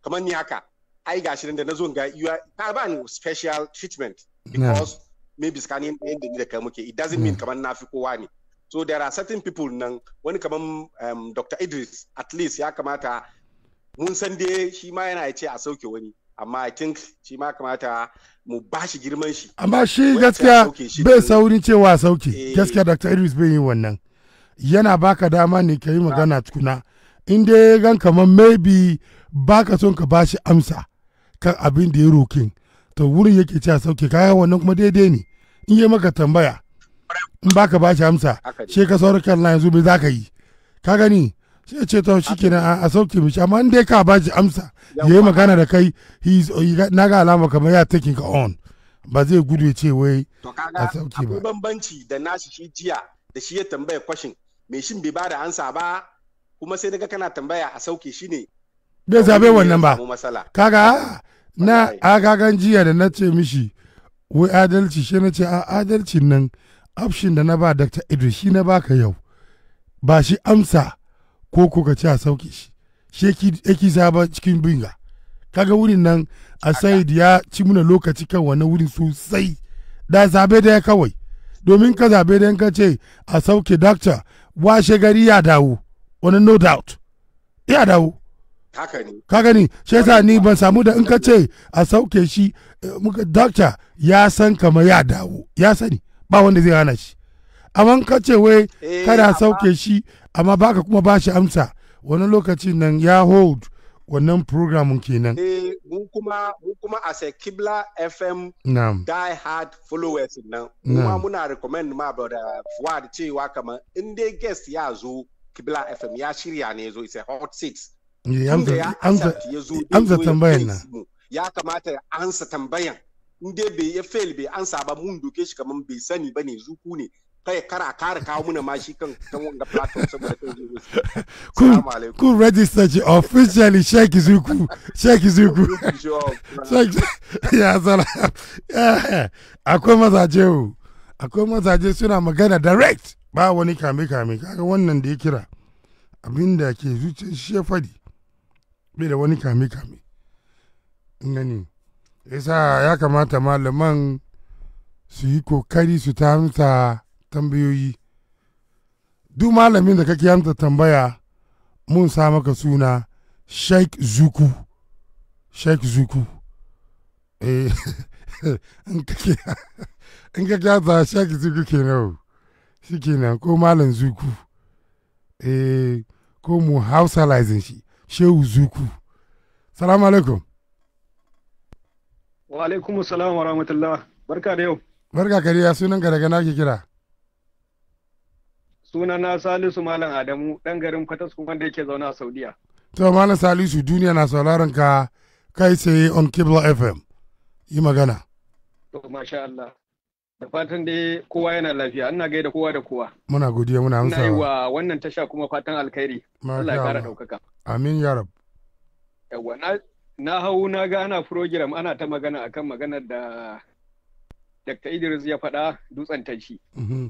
kamar ni haka ai gashi nan da na zo ga you are ba ni special treatment because maybe scanning ɗayan da ni da kai muke it doesn't mean kamar na fi kowa ne so there are certain people nan wani kaman um, dr idris at least ya kamata mun san dai shi ma yana ce a sauke wani amma i think shi ma kamata mu ba shi girman shi amma shi gaskiya bai saurin cewa sauke eh. gaskiya dr idris bai yi wannan yana baka dama ne ka yi magana tukuna in dai ya gan kamar maybe baka son ka ba shi amsa kan abin da ya roƙin to wurin yake cewa sauke kaya wannan kuma daidai ne in yi maka tambaya in baka shi amsa she ka saurin kan yanzu bai za ka yi ka gani sai ce to shi kenan a sauke mishi amma dai ka ba shi amsa ya yi magana da kai na ga alama kamar ya taking ka on ba zai gudu ya ce wai a sauke ba. bambanci da nasu shi jiya da shi ya tambaya kwashin mai shin bai ba da ansa ba kuma sai daga kana tambaya a sauke shi ne. Bai zabe wannan ba. Kaga na agagan jiya da na ce mishi wai adalci shi na ce a adalcin nan option da na ba Dr. Idris shi na baka yau ba shi amsa ko ko ka ci a sauke shi shi yake saba cikin binga kaga wurin nan a said ya ci muna lokaci kan wani wurin sosai da zabe ya kawai domin ka zabe da ka ce a sauke dakta washe gari ya dawo wani no doubt ya dawo ka gani shi yasa ni ban samu da in ka ce a sauke shi eh, dakta ya san kama ya dawo ya sani ba wanda zai hana shi amma ka ce wai eh, kada sauke shi amma baka kuma ba shi amsa wani lokacin nan ya hold wannan programun kenan. Eh, mun kuma mun kuma a Kibla FM Naam. die hard followers nan. Kuma muna recommend ma brother Fuad cewa kamar in dai guest ya zo Kibla FM ya shirya ne zo isa a hot seat. Eh, ya amsa tambayan nan. Ya kamata ya ansa tambayan. In dai bai ya fail bai ansa ba mun doke shi kamar bai sani ba ne zuku ne kai kara kara kawo muna ma shi kan kan wanga platform saboda kan zuwa assalamu alaikum ku register shi officially Sheik Zuku Sheik Zuku Sheikh ya zala eh, akwai mazaje akwai mazaje suna magana direct ba wani kame kame kaga wannan da ya kira abinda ke zuciyar shi ya fadi bai da wani kame kame gani yasa ya kamata malaman su yi kokari su tamta tambayoyi duk malamin da kake amsa tambaya mun sa maka suna sheik zuku sheik zuku eh, in ka kyata sheik zuku kenan shi nan ko malam zuku eh, ko mu laizin shi shehu zuku salamu alaikum wa alaikum salam wa rahmatullah barka da yau barka kariya sunan ka daga ke kira Suna na salisu malam adamu ɗan garin kuma wanda yake zaune a saudiya to malam salisu duniya na sauraron ka kai sai on kibla fm yi magana to masha Allah da fatan dai kowa yana lafiya ina gaida kowa da kowa muna godiya muna amsa yi wa wannan tasha kuma fatan alkhairi Allah ya fara daukaka amin ya rab yawa na na hau na ga ana program ana ta magana akan maganar da Dr. Idris ya faɗa dutsen tashi. Mhm.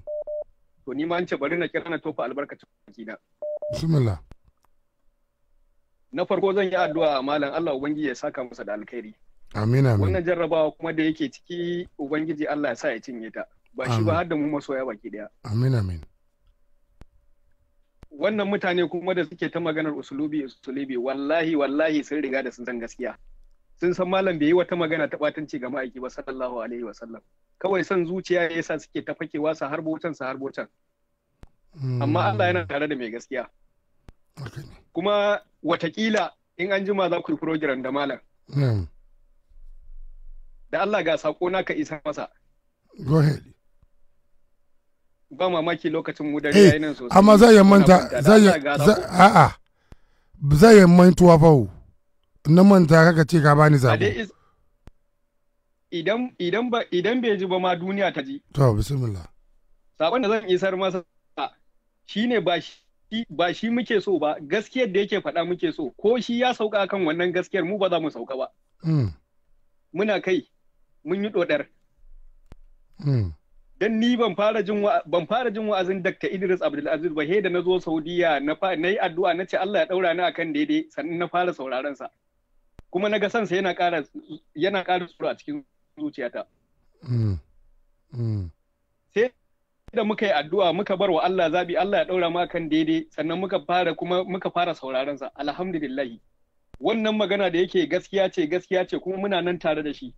to ni ma an ce bari na kira na tofa albarkacin baki na bismillah na farko zan yi addu'a a malam Allah ubangiji ya saka masa da alkhairi amin amin wannan jarrabawa kuma da yake ciki ubangiji Allah ya sa ya cinye ta ba shi ba har da mu masoya baki daya amin amin wannan mutane kuma da suke ta maganar usulubi usulubi wallahi wallahi sun riga da sun san gaskiya sun san malam bai yi wata magana ta batanci ga ma'aiki ba sallallahu alaihi wa sallam kawai son zuciya ya sa suke ta fakewa su harbo can su harbo can amma Allah yana tare da mai gaskiya kuma watakila in an jima za ku yi program da malam da Allah ga sako na ka isa masa go ahead ba mamaki lokacin mu da yayin sosai amma zai manta zai a'a zai mantuwa fa'u na manta kaka ce ka bani sako idan idan bai ji ba ma duniya ta ji to bismillah Sabon da zan isar masa shine ba shi ba shi muke so ba gaskiyar da yake faɗa muke so ko shi ya sauka kan wannan gaskiyar mu ba za mu sauka ba hmm. muna kai mun yi dodar hmm. dan ni ban fara jin wa'azin Dr. Idris Abdulaziz ba he da nazo Saudiya na na yi addu'a na ce Allah ya ɗaura ni akan daidai sannan na fara sauraron sa kuma na ga sansa yana ƙara yana ƙara tsoro a cikin zuciyata mm. Mm. sai da muka yi addu'a muka bar wa Allah zabi Allah ya ɗaura ma kan daidai sannan muka fara kuma muka fara sauraron sa alhamdulillah wannan magana da yake gaskiya ce gaskiya ce kuma muna nan tare da shi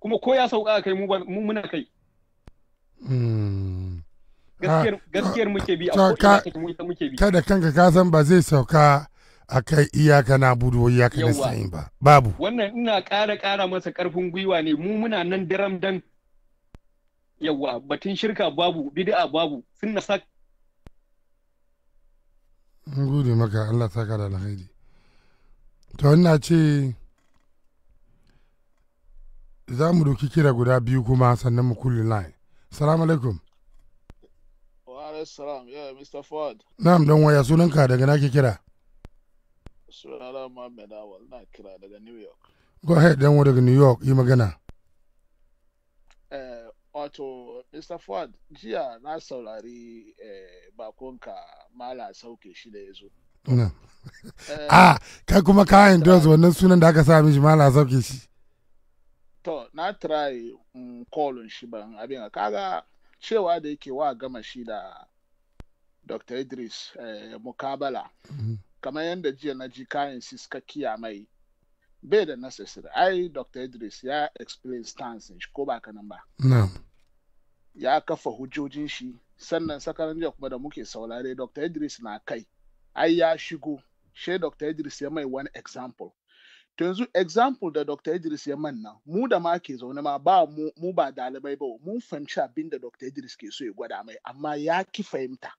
kuma ko ya sauka kai mu muna kai mm. ah, gaskiyar muke bi a ko ina muke bi kada kanka ka san ba zai sauka akai iyaka na budu wa iyaka na sayin ba babu wannan ina ƙara ƙara masa ƙarfin gwiwa ne mu muna nan diram dan yawa batun shirka babu bid'a babu sun na sak mun gode maka Allah saka da alkhairi to ina ce za mu doki kira guda biyu kuma sannan mu kulle line salamu alaikum wa alaikum salam ya mr ford na'am dan waya sunanka daga nake kira sunana Muhammad Awal na kira daga New York. Go ahead dan daga New York yi magana. Eh, wato, Mr. Ford, jiya na saurari eh, bakonka mala sauke shi da ya zo. A, eh, ah, kai kuma ka endorse wannan sunan da aka sa mishi mala sauke shi. To, na try kolon mm, shi ban abin kaga cewa da yake wa gama shi da Dr. Idris mukabala. Mm-hmm. kamar yadda jiya na ji kayan suka kiya mai bai da necessary ai dr idris ya explain stance shi ko ba nan ba ya kafa hujjojin shi sannan sakaran jiya kuma da muke saurare dr idris na kai ai ya shigo she dr idris ya mai wani example to yanzu example da dr idris ya manna mu da ma ke zaune ma ba mu ba dalibai ba mun fahimci abin da dr idris ke so ya gwada mai amma ya ki fahimta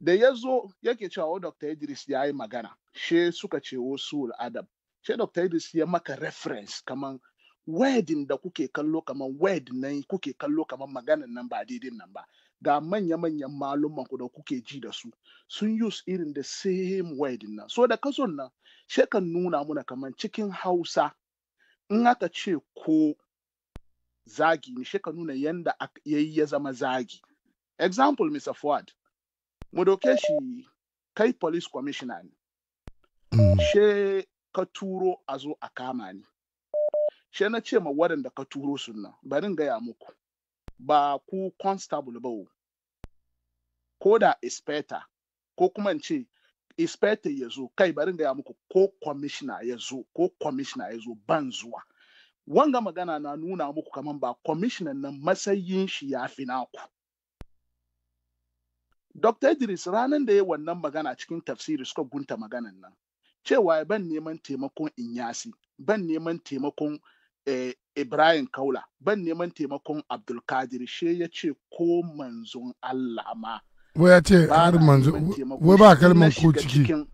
da ya zo yake cewa wa dr idris ya yi magana she suka ce wasu adam she dr idris ya maka reference kaman wedding da kuke kallo kaman wedding nan kuke kallo kaman maganan nan ba daidai nan ba ga manya-manyan malumman ku da kuke ji da su sun use irin da same wedding nan so da kason nan she kan nuna muna kaman cikin hausa in aka ce ko zagi ne she kan nuna yanda ya zama zagi example mr fuad mu dauke shi kai police commissioner ne mm. she ka turo a zo a kama ni she na ce ma waɗanda ka turo sun nan barin gaya muku ba ku constable ba ko da inspector ko kuma in ce inspector ya zo kai barin gaya muku ko commissioner ya zo ko commissioner ya zo ban zuwa wanga magana na nuna muku kaman ba commissioner nan matsayin shi ya fi naku Dr. Idris ranar da ya wannan magana cikin tafsiri suka gunta maganan nan. Cewa ban neman taimakon Inyasi, ban neman taimakon eh, Ibrahim Kaula, ban neman taimakon Abdulkadir she ya ce ko manzon Allah ma. Wai ya ce har manzo, wai ba kalman ko ciki.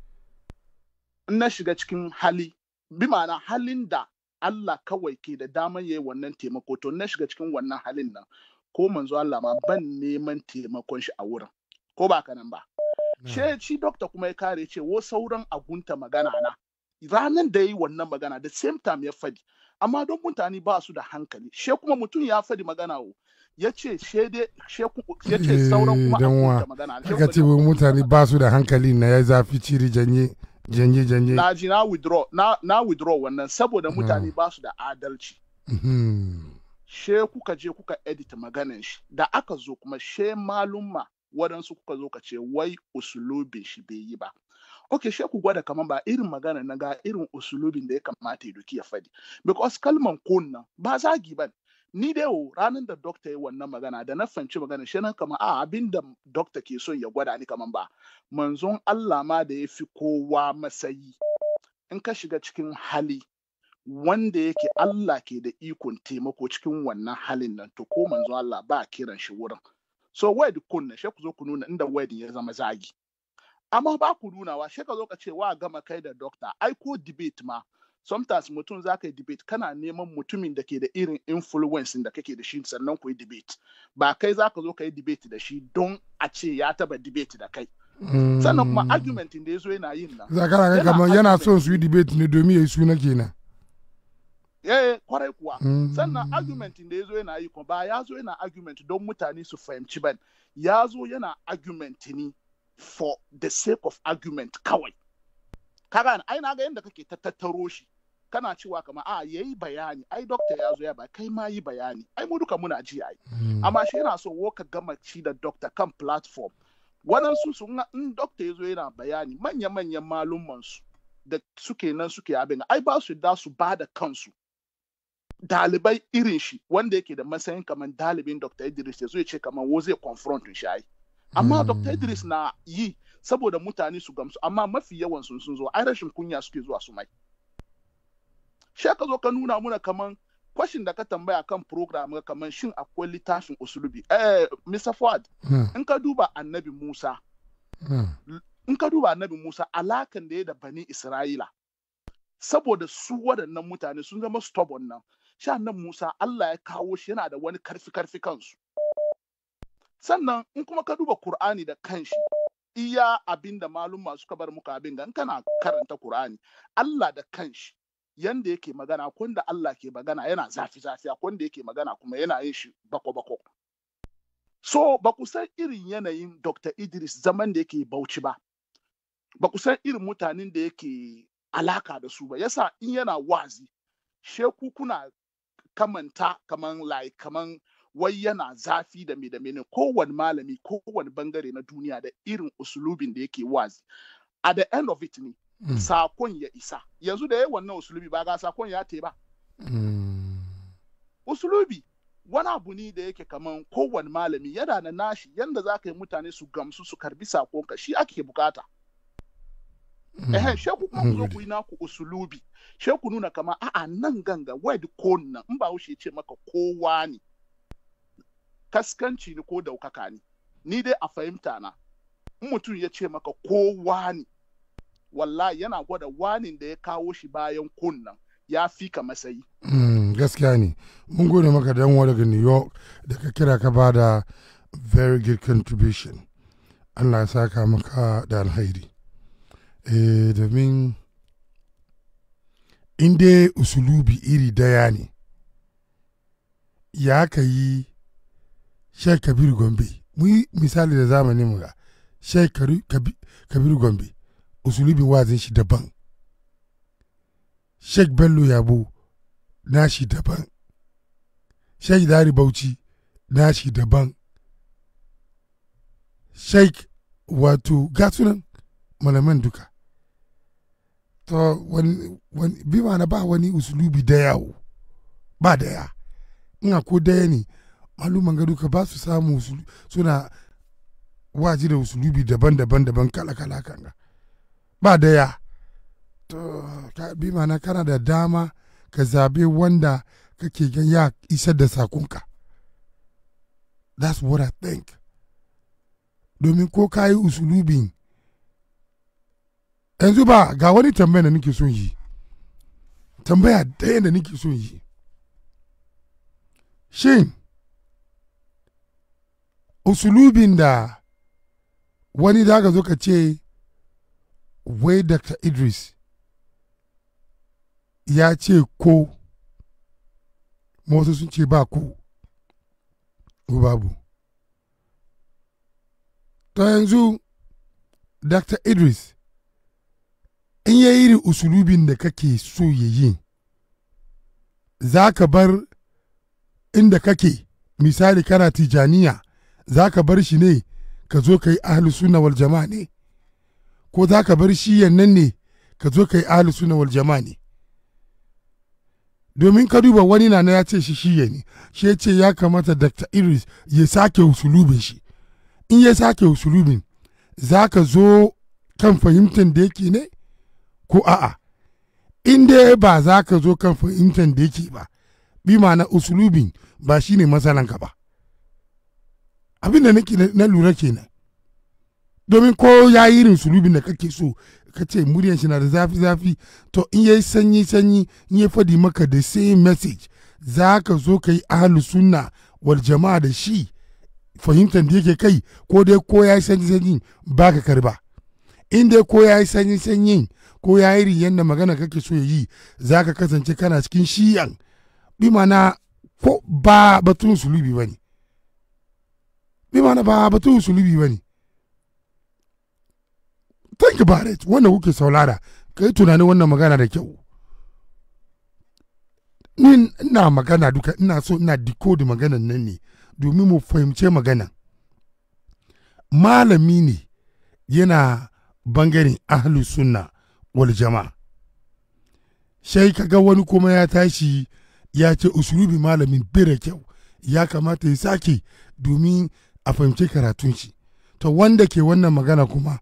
Na shiga cikin hali, bi ma'ana halin da Allah kawai ke da dama ya yi wannan taimako, to na shiga cikin wannan halin nan, ko manzo Allah ma ban neman taimakon shi a wurin. ko ba nan ba she shi dokta kuma ya kare ce wo sauran agunta magana na ranan da yi wannan magana da same time ya fadi amma don mutane ba su da hankali she kuma mutum ya fadi magana wo ya ce shede ya ce eh, sauran kuma agunta magana na aka ce mutane ba su da hankali na ya zafi ciri janye janye janye na ji na withdraw na na withdraw wannan saboda ah. mutane ba su da adalci mhm. she kuka je kuka edit maganan shi da aka zo kuma she malumma waɗansu kuka zo ka ce wai usulubin shi bai yi ba ok shi ku gwada kamar ba irin magana na ga irin usulubin da ya kamata ya duki ya faɗi. because kalman kun nan ba zagi ba ni da yau ranar da dokta ya wannan magana da na fanci magana shi nan a abin da dokta ke son ya gwada ni kamar ba manzon Allah ma da ya fi kowa masayi in ka shiga cikin hali wanda yake Allah ke da ikon taimako cikin wannan halin nan to ko manzon Allah ba kiran shi wurin so word kun ne ku zo ku nuna inda word ya zama zagi amma ba ku nunawa shi ka zo ka ce wa gama kai da doctor ai ko debate ma sometimes mutum za ka yi debate kana neman mutumin da ke da irin influence da kake da shi sannan ku yi debate ba kai za ka zo ka yi debate da shi don a ce ya taba debate da kai sannan kuma mm. argumentin da ya zo yana yin nan yana son su yi debate ne domin ya yi suna kenan eh kwarai kuwa mm. sannan argumentin da ya zo yana yi kuma ba ya zo yana argument don mutane su fahimci ban ya zo yana argument ni for the sake of argument kawai kaga ai na ga yadda kake ta tattaro shi kana cewa kama a ah, yayi bayani ai doctor ya zo ya ba kai ma yi bayani ai mu duka muna ji ai mm. amma shi yana so wo ka gama ci da doctor kan platform su sun in doctor ya zo yana bayani manya-manyan malumman su da suke nan suke abin ai ba su da su ba da kansu dalibai irin shi wanda yake da matsayin kamar dalibin Dr. Idris ya zuwa ce kamar wo zai confront shi ai. Amma hmm. Dr. Idris na yi saboda mutane su gamsu amma mafi yawan sun sun zo ai rashin kunya suke zuwa su mai. Shi ka zo ka nuna muna kamar kwashin da ka tambaya kan program kamar shin akwai littafin usulubi. Eh, Mr. Ford, hmm. in ka duba annabi Musa, hmm. in ka duba annabi Musa alakan da ya da bani Isra'ila, saboda su waɗannan mutane sun zama stubborn nan sha nan Musa Allah ya kawo shi yana da wani karfi-karfi kansu. Sannan in kuma ka duba Kur'ani da kanshi, iya abin da malum masu bar muka abin gan kana karanta Kur'ani, Allah da kanshi yanda yake magana kunda Allah ke magana yana zafi-zafi kunda yake magana kuma yana yin shi bako-bako. So ba ku san irin yanayin Dr. Idris zaman da yake Bauchi ba, ba ku san irin mutanen da yake alaka da su ba, yasa in yana wazi, sheku kuna kamanta kaman like kaman wai yana zafi da me da mene kowane malami kowane bangare na duniya da irin usulubin da yake wazi A the end of it ne mm. sakon ya isa yanzu da ya wannan usulubi ba ga sakon ya te ba mm. usulubi wani abu ne da yake kaman kowane malami yana da nashi yanda za ka yi mutane su gamsu su karbi sakonka shi ake bukata eh she ku kuma ku zo ku mm. usulubi Sheku nuna kama a'a nan ganga word ko nan in ba ce maka kowa ne kaskanci ni ko daukaka ne ni dai a fahimta na in mutum ya ce maka kowa ne wallahi yana gwada wanin da ya kawo shi bayan kunnan ya fi ka matsayi. Mm, gaskiya ne mun gode maka dan wa daga new york da ka kira ka bada da very good contribution allah ya saka maka da alhairi eh domin in dai usulubi iri daya ne ya ka yi sheikh kabir gombe mu yi misali da zamanin mu ga sheikh kabir gombe usulubin wazin shi daban sheikh bello yabo nashi daban sheikh dari bauchi nashi daban sheikh wato gasunan malaman duka to wani bi mana ba wani usulubi da yawo ba daya ina ko daya ne maluman gado ka ba su samu suna waji da usulubi daban-daban daban kala-kala kanga ba daya to bi mana kana da dama ka zabe wanda kake gan ya isar da sakonka that's what i think domin ko ka yi usulubin yanzu ba ga wani tambaya da nake son yi tambaya ɗaya da nake son yi shin usulubin da wani daga zo ka ce wai dr idris ya ce ko wasu sun ce ba ko babu ta yanzu dr idris in ya yi usulubin da kake so ya yi za ka bar inda kake misali kana tijaniya za ka bar shi ne ka zo ka yi suna wal jama'a ne ko za ka bar shi yannan ne ka zo ka yi suna wal jama'a ne domin ka duba wani na ya ce shi shiye ne shi ya ce ya kamata dr iris ya sake usulubin shi in ya sake usulubin za ka zo kan fahimtar da yake ne ko a'a in dai ba za ka zo kan fahimtar da yake ba bi ma'ana usulubin ba shi ne matsalanka ba abin da na lura kenan domin ko ya yi irin sulubin da kake so ka ce muryan shi na da zafi-zafi to in ya yi sanyi-sanyi in ya fadi maka da same message za ka zo ka yi ahalu sunna wal jama'a da shi fahimtar da yake kai ko dai ko ya yi sanyi-sanyin ba ka karba in dai ko ya yi sanyi-sanyin ko ya yi yadda magana kake so ya yi za ka kasance kana cikin shiyan bi mana ko ba batun sulubi ba ne bi mana ba batun sulubi ba ne think about it wanda kuke saulara ka yi tunanin wannan magana da kyau ni ina magana duka ina so ina decode maganan nan ne domin mu fahimce magana malami ne yana bangaren ahlu sunna wal jama'a sai kaga wani kuma ya tashi ya ce usurubi malamin bere kyau ya kamata ya sake domin a fahimci karatun shi to wanda ke wannan magana kuma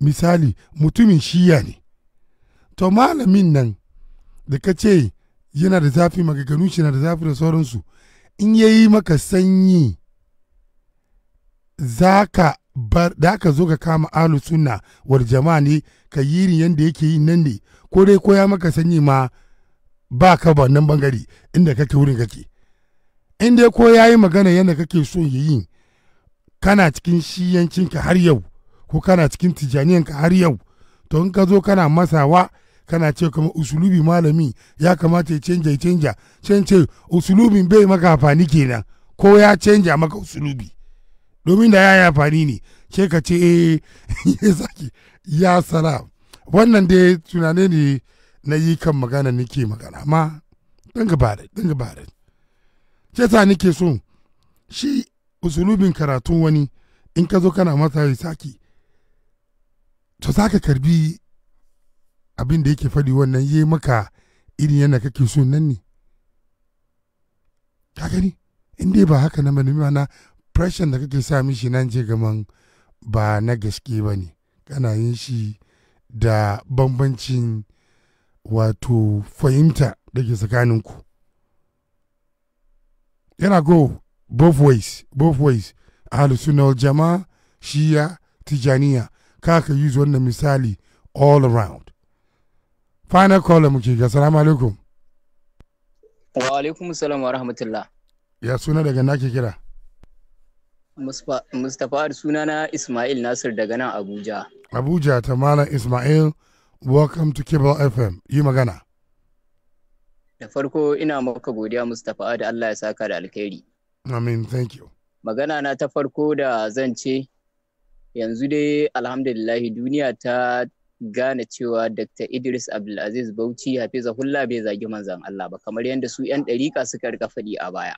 misali mutumin shiya ne to malamin nan da ka ce yana da zafi magaganu shi na da zafi da sauransu in ya yi maka sanyi za ka bar da ka zo ka kama alu sunna war jama'a ne ka yi irin yadda yake yi nan ne ko dai ko ya maka sanyi ma ba ka ba nan bangare inda kake wurin kake in dai ko yi magana yadda kake so yi kana cikin shiyancinka har yau ko kana cikin tijaniyanka har yau to in ka zo kana masawa kana ce kuma usulubi malami ya kamata ya canja ya canja cance usulubin bai maka amfani kenan ko ya canja maka usulubi domin da ya yi amfani ne ke ka ce eh, ya sake ya sara wannan dai tunane ne na yi kan magana nake magana ma ɗan ba da dinga ba da ce ta nake so shi usulubin karatun wani in ka zo kana masa ya sake to za ka karbi abin da yake faɗi wannan yi maka irin yana kake so nan ne ka gani in dai ba haka na manumi mana pressure da kake sa mishi nan je gaman ba na gaske ba ne kana yin shi da bambancin wato fahimta da ke tsakaninku yana go both ways both ways ahalusunan jama'a shiya tijaniya kaka use wannan misali all around final call muke ga salamu alaikum wa alaikum salam wa rahmatullah ya suna daga nake kira Mustapha na Ismail Nasir daga nan Abuja. Abuja ta Malam Ismail, welcome to Cable FM, yi magana. Da farko ina maka godiya Mustapha da Allah ya saka da alkhairi. Amin, thank you. Magana na ta farko da zan ce, yanzu dai alhamdulillahi duniya ta gane cewa Dr. Idris Abdulaziz Bauchi Hafiza Hulla bai zagi manzan Allah ba, kamar yadda su 'yan ɗarika suka rika faɗi a baya.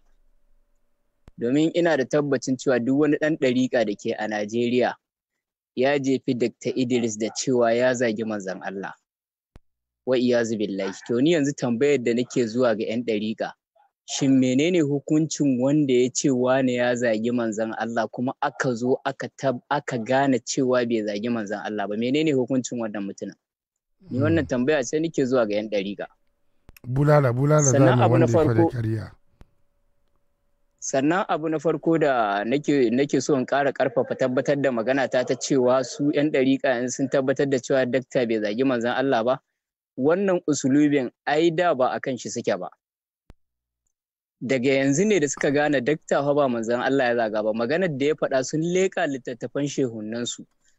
domin ina da tabbacin cewa duk wani ɗan ɗariƙa da ke a Najeriya ya jefi Dr. Idris da cewa ya zagi manzan Allah. Wa iyazu billahi. To ni yanzu tambayar da nake zuwa ga 'yan ɗariƙa. Shin menene hukuncin wanda ya ce wani ya zagi manzan Allah kuma aka zo aka tab aka gane cewa bai zagi manzan Allah ba menene hukuncin wannan mutumin? Ni hmm. wannan tambaya ce nake zuwa ga 'yan ɗariƙa. Bulala bulala za mu wanda ya fara sannan abu na farko da nake so in ƙara karfafa tabbatar da magana ta ta cewa su 'yan ɗariƙa sun tabbatar da cewa dakta bai zagi manzan Allah ba wannan usulubin ai da ba a kan shi suke ba daga yanzu ne da suka gane dakta fa ba manzan Allah ya zaga ba maganar da ya faɗa sun leƙa littattafan su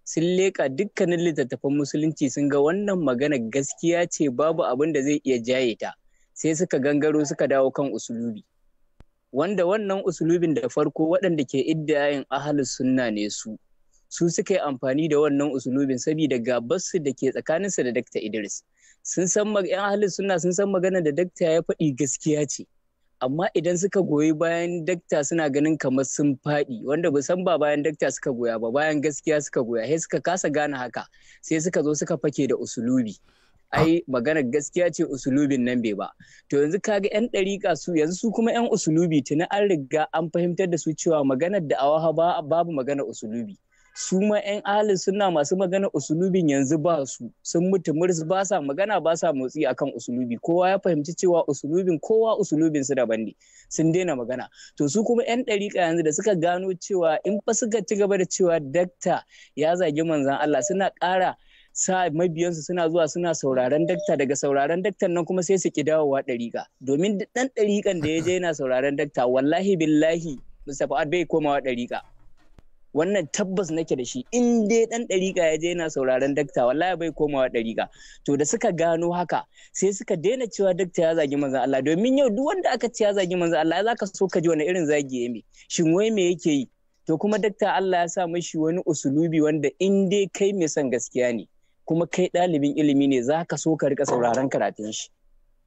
sun leƙa dukkanin littattafan musulunci sun ga wannan magana gaskiya ce babu abin da zai iya jaye ta sai suka gangaro suka dawo kan usulubi wanda wannan usulubin da farko waɗanda ke iddiyayin ahalus sunna ne su su suka yi amfani da wannan usulubin saboda gabarsu da ke tsakaninsa da dakta idris sun san yan ahalus sunna sun san magana da dakta ya faɗi gaskiya ce amma idan suka goyi bayan dakta suna ganin kamar sun faɗi wanda ba san ba bayan dakta suka goya ba bayan gaskiya suka goya sai suka kasa gane haka sai suka zo suka fake da usulubi ai magana gaskiya ce usulubin nan bai ba to yanzu kaga yan ɗariƙa su yanzu su kuma yan usulubi tuni an riga an fahimtar da su cewa maganar da awaha babu magana usulubi su ma yan ahalin suna masu magana usulubin yanzu ba su sun mutu murs ba sa magana ba sa motsi akan usulubi kowa ya fahimci cewa usulubin kowa usulubin su daban ne sun daina magana to su kuma yan ɗariƙa yanzu da suka gano cewa in ba suka ci gaba da cewa dakta ya zagi manzan Allah suna ƙara sa mabiyansu suna zuwa suna sauraron dakta daga sauraron daktan nan kuma sai su ki dawowa ɗariƙa domin ɗan ɗariƙan da ya je yana sauraron dakta wallahi billahi Mustapha bai komawa ɗariƙa wannan tabbas nake da shi in dai ɗan ɗariƙa ya je yana sauraron dakta wallahi bai komawa ɗariƙa to da suka gano haka sai suka daina cewa dakta ya zagi manzon Allah domin yau duk wanda aka ce ya zagi manzon Allah zaka so ka ji wani irin zagi ya shin wai me yake yi to kuma dakta Allah ya sa mashi wani usulubi wanda in dai kai mai son gaskiya ne kuma kai ɗalibin ilimi ne za ka so ka rika sauraron karatun shi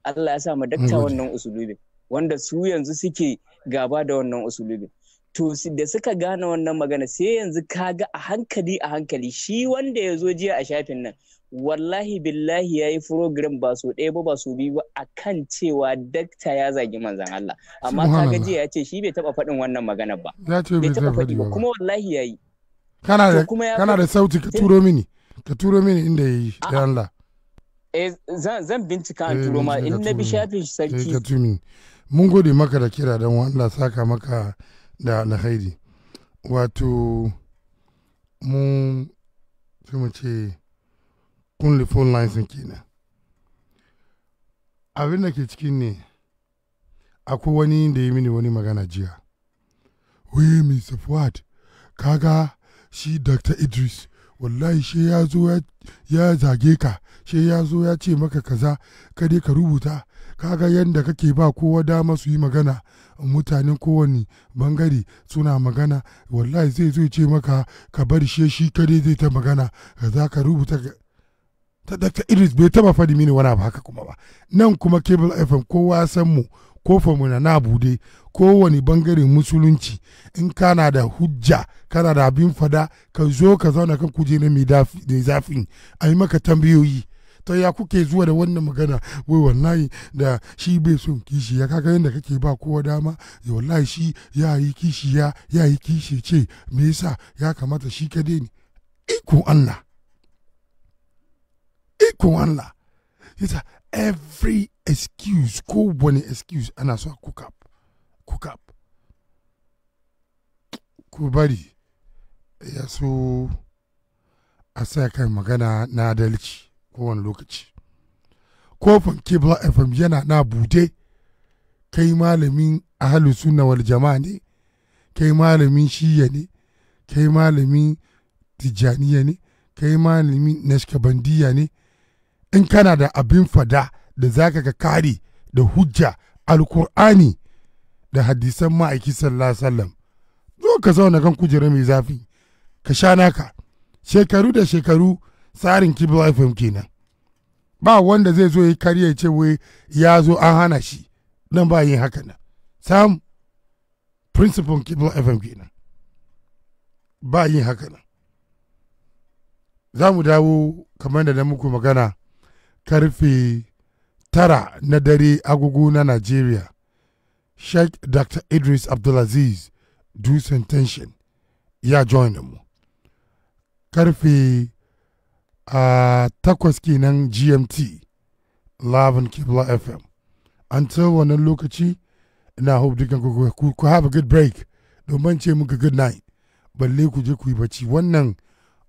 Allah ya sa mu dakta wannan usulubi wanda su yanzu suke gaba da wannan usulubi to da suka gane wannan magana sai yanzu ka ga a hankali a hankali shi wanda ya zo jiya a shafin nan wallahi billahi ya yi program ba so ɗaya ba ba so biyu ba a kan cewa dakta ya zagi manzan Allah amma kaga jiya ya ce shi bai taɓa faɗin wannan magana ba bai taɓa faɗi ba kuma wallahi ya yi kana da sauti ka turo mini ka turo mini inda ya yi da Allah eh, zan bincika an eh, turo ma in na bi shafin sarki eh, ka tumi mun gode maka da kira don Allah saka maka da alhaidi wato mun fi mu ce kunle phone lines kenan abin da ke cikin ne akwai wani da ya mini wani magana jiya wai mr fuad kaga shi dr idris wallahi shi ya zo ya zage ka shi ya zo ya ce maka kaza ka dai ka rubuta kaga yadda kake ba kowa dama su yi magana mutanen kowane bangare suna magana wallahi zai zo ce maka ka bar shi shi ka dai zai ta magana ka za ka rubuta ta dr idris bai taba faɗi mini wani abu haka kuma ba nan kuma cable fm kowa ya san mu ko formula na bude kowane bangare musulunci in kana da hujja kana da abin fada ka zo ka zauna kan kujera mai zafin a yi maka tambayoyi ta ya kuke zuwa da wannan magana wai wallahi da shi bai son kishi ya kaga yadda kake ba kowa dama ya wallahi shi ya yi kishi ya yi kishi ce me yasa ya kamata shi ka ne iko Allah iko Allah yasa every excuse ko wani excuse ana so a cook up cook up bari ya so a kan magana na adalci kowane lokaci kofin kibla fm yana na bude kai malamin ahalu sunna wal jama'a ne kai malamin shiya ne kai malamin tijaniya ne kai malamin nashkabandiya ne in kana da abin fada da zaka ka kare da hujja alkur'ani da hadisan ma'aiki sallallahu wasallam zo ka zauna kan kujera mai zafi ka sha naka shekaru da shekaru tsarin kibla fm kenan ba wanda zai zo ya karya ce wai ya zo an hana shi nan ba yin haka na sam principal kibla fm kenan ba yin haka nan za mu dawo kamar da na muku magana karfe tara na dare agogo na Najeriya, Sheikh Dr. Idris Abdulaziz Dusan Tension ya join mu. Karfe a takwas kenan GMT, Lavin Kibla FM. Until wannan lokaci, ina hope dukan ku ku have a good break domin ce muku good night. Balle ku je ku yi bacci wannan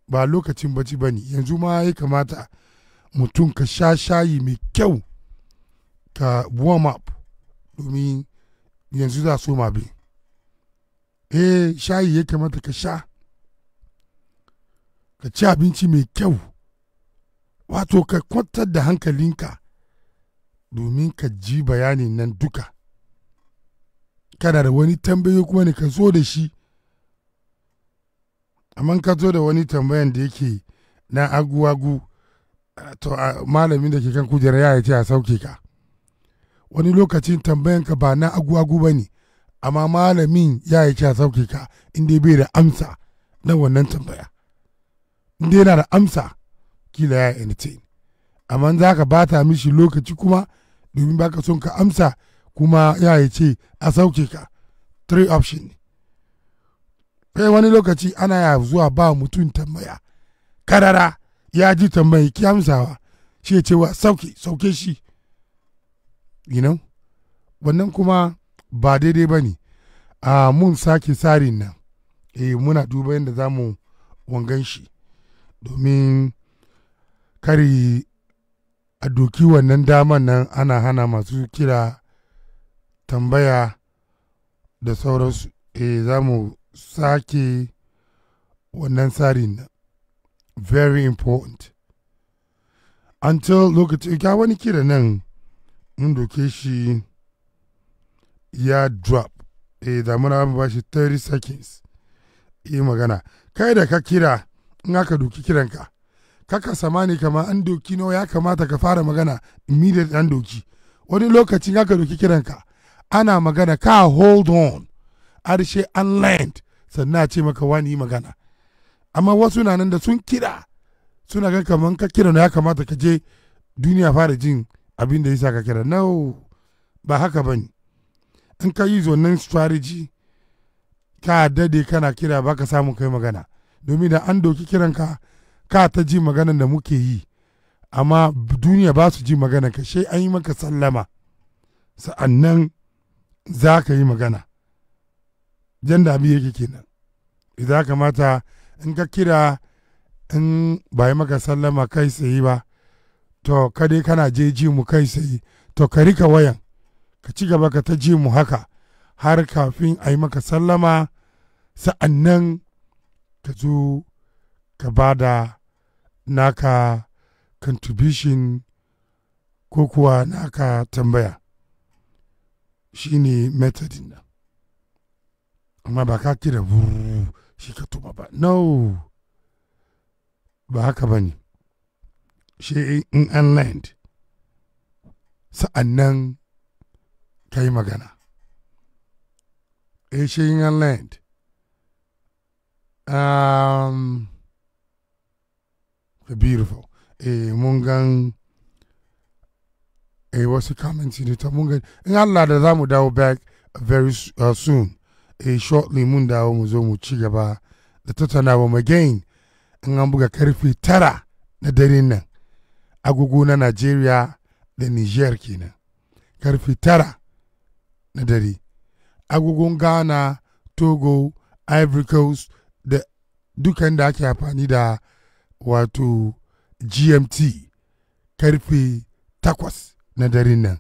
ba lokacin bacci ba ne yanzu ma ya kamata mutum ka sha shayi mai kyau ka warm up domin yanzu za su mabe eh shayi ya kamata ka sha ka ci abinci mai kyau wato ka kwantar da hankalinka domin ka ji bayani nan duka kana da wani tambayo kuma ne ka zo da shi amma ka zo da wani tambayan da yake na agu-agu to malamin da ke kan kujera ya ce a sauke ka wani lokacin tambayarka ba na agu-agu ba ne amma malamin ya yi a sauke ka inda bai da amsa na wannan tambaya inda yana da amsa kila ya entertain amma za ka bata mishi lokaci kuma domin baka son ka amsa kuma ya yi ce a sauke ka three option ne wani lokaci ana ya zuwa ba mutum tambaya karara ya ji tambayi ki amsawa shi ya wa sauke sauke shi you know wannan kuma ba daidai ba ne a mun sake tsarin nan e muna duba yadda za mu wangan shi domin kari a doki wannan daman nan ana hana masu kira tambaya da sauransu e za mu sake wannan tsarin nan very important until lokacin ga wani kira nan mun doke shi ya drop eh da muna ba shi 30 seconds yi magana kai da ka kira in aka doki kiranka kaka samani kama an doki nawa ya kamata ka fara magana immediate an doki wani lokacin aka doki kiranka ana magana ka hold on arshe an land sannan a ce maka wani magana amma wasu na nan da sun kira suna ga kaman ka kira ya kamata ka je duniya fara jin abin da ya sa ka kira no ba haka bane in ka yi zonin strategy ka dade kana kira ba ka samu kai magana domin da an doki kiranka ka ta ji maganan da muke yi amma duniya ba su ji magana ka sai an yi maka sallama sa'annan za ka yi magana jan da abin yake kenan idan kamata in ka kira in ba yi maka sallama kai tsaye ba to ka dai kana je ji mu kai tsaye to ka rika wayan ka ci gaba ka ta ji mu haka har kafin a yi maka sallama sa'annan ka zo ka ba da naka contribution ko kuwa naka tambaya shi ne metadin nan amma ba ka kira buru shi ka tuba ba no ba haka ba ne shi in an land sa'an nan ka yi magana e shi in an land um, beautiful e mun gan eh wasu comments ne ta mun gan in Allah da za mu dawo back very uh, soon eh, shortly mun dawo mu zo mu ci gaba da tattaunawa again in an buga karfe tara na dare nan agogo na Najeriya da Niger kenan karfe tara na dare agogon Ghana Togo Ivory Coast da dukan da ake amfani da wato GMT karfe takwas na dare nan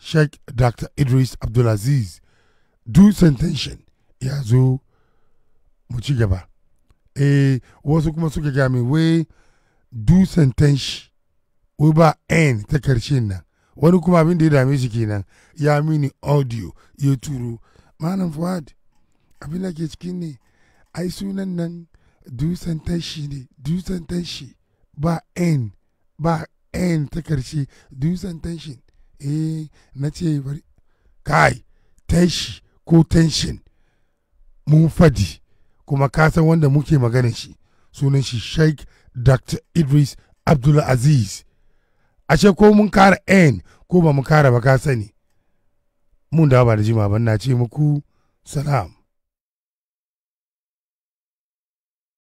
Sheikh Dr. Idris Abdulaziz do sentencing ya zo mu ci gaba eh wasu kuma suka gaya mai wai dusan tanshi wai ba n ta karshen nan wani kuma abin da ya dame shi kenan ya mini audio ya turo malam fuad abin da ke cikin ne ai sunan nan dusan tanshi ne dusan tanshi ba n ba n ta karshe dusan tanshi eh na ce kai tashi ko tanshin mun fadi kuma kasan wanda muke magana shi sunan shi sheikh dr idris abdul aziz ashe ko mun kara n ko ba mu kara ba ka sani mun da ba da jima ban na ce muku salam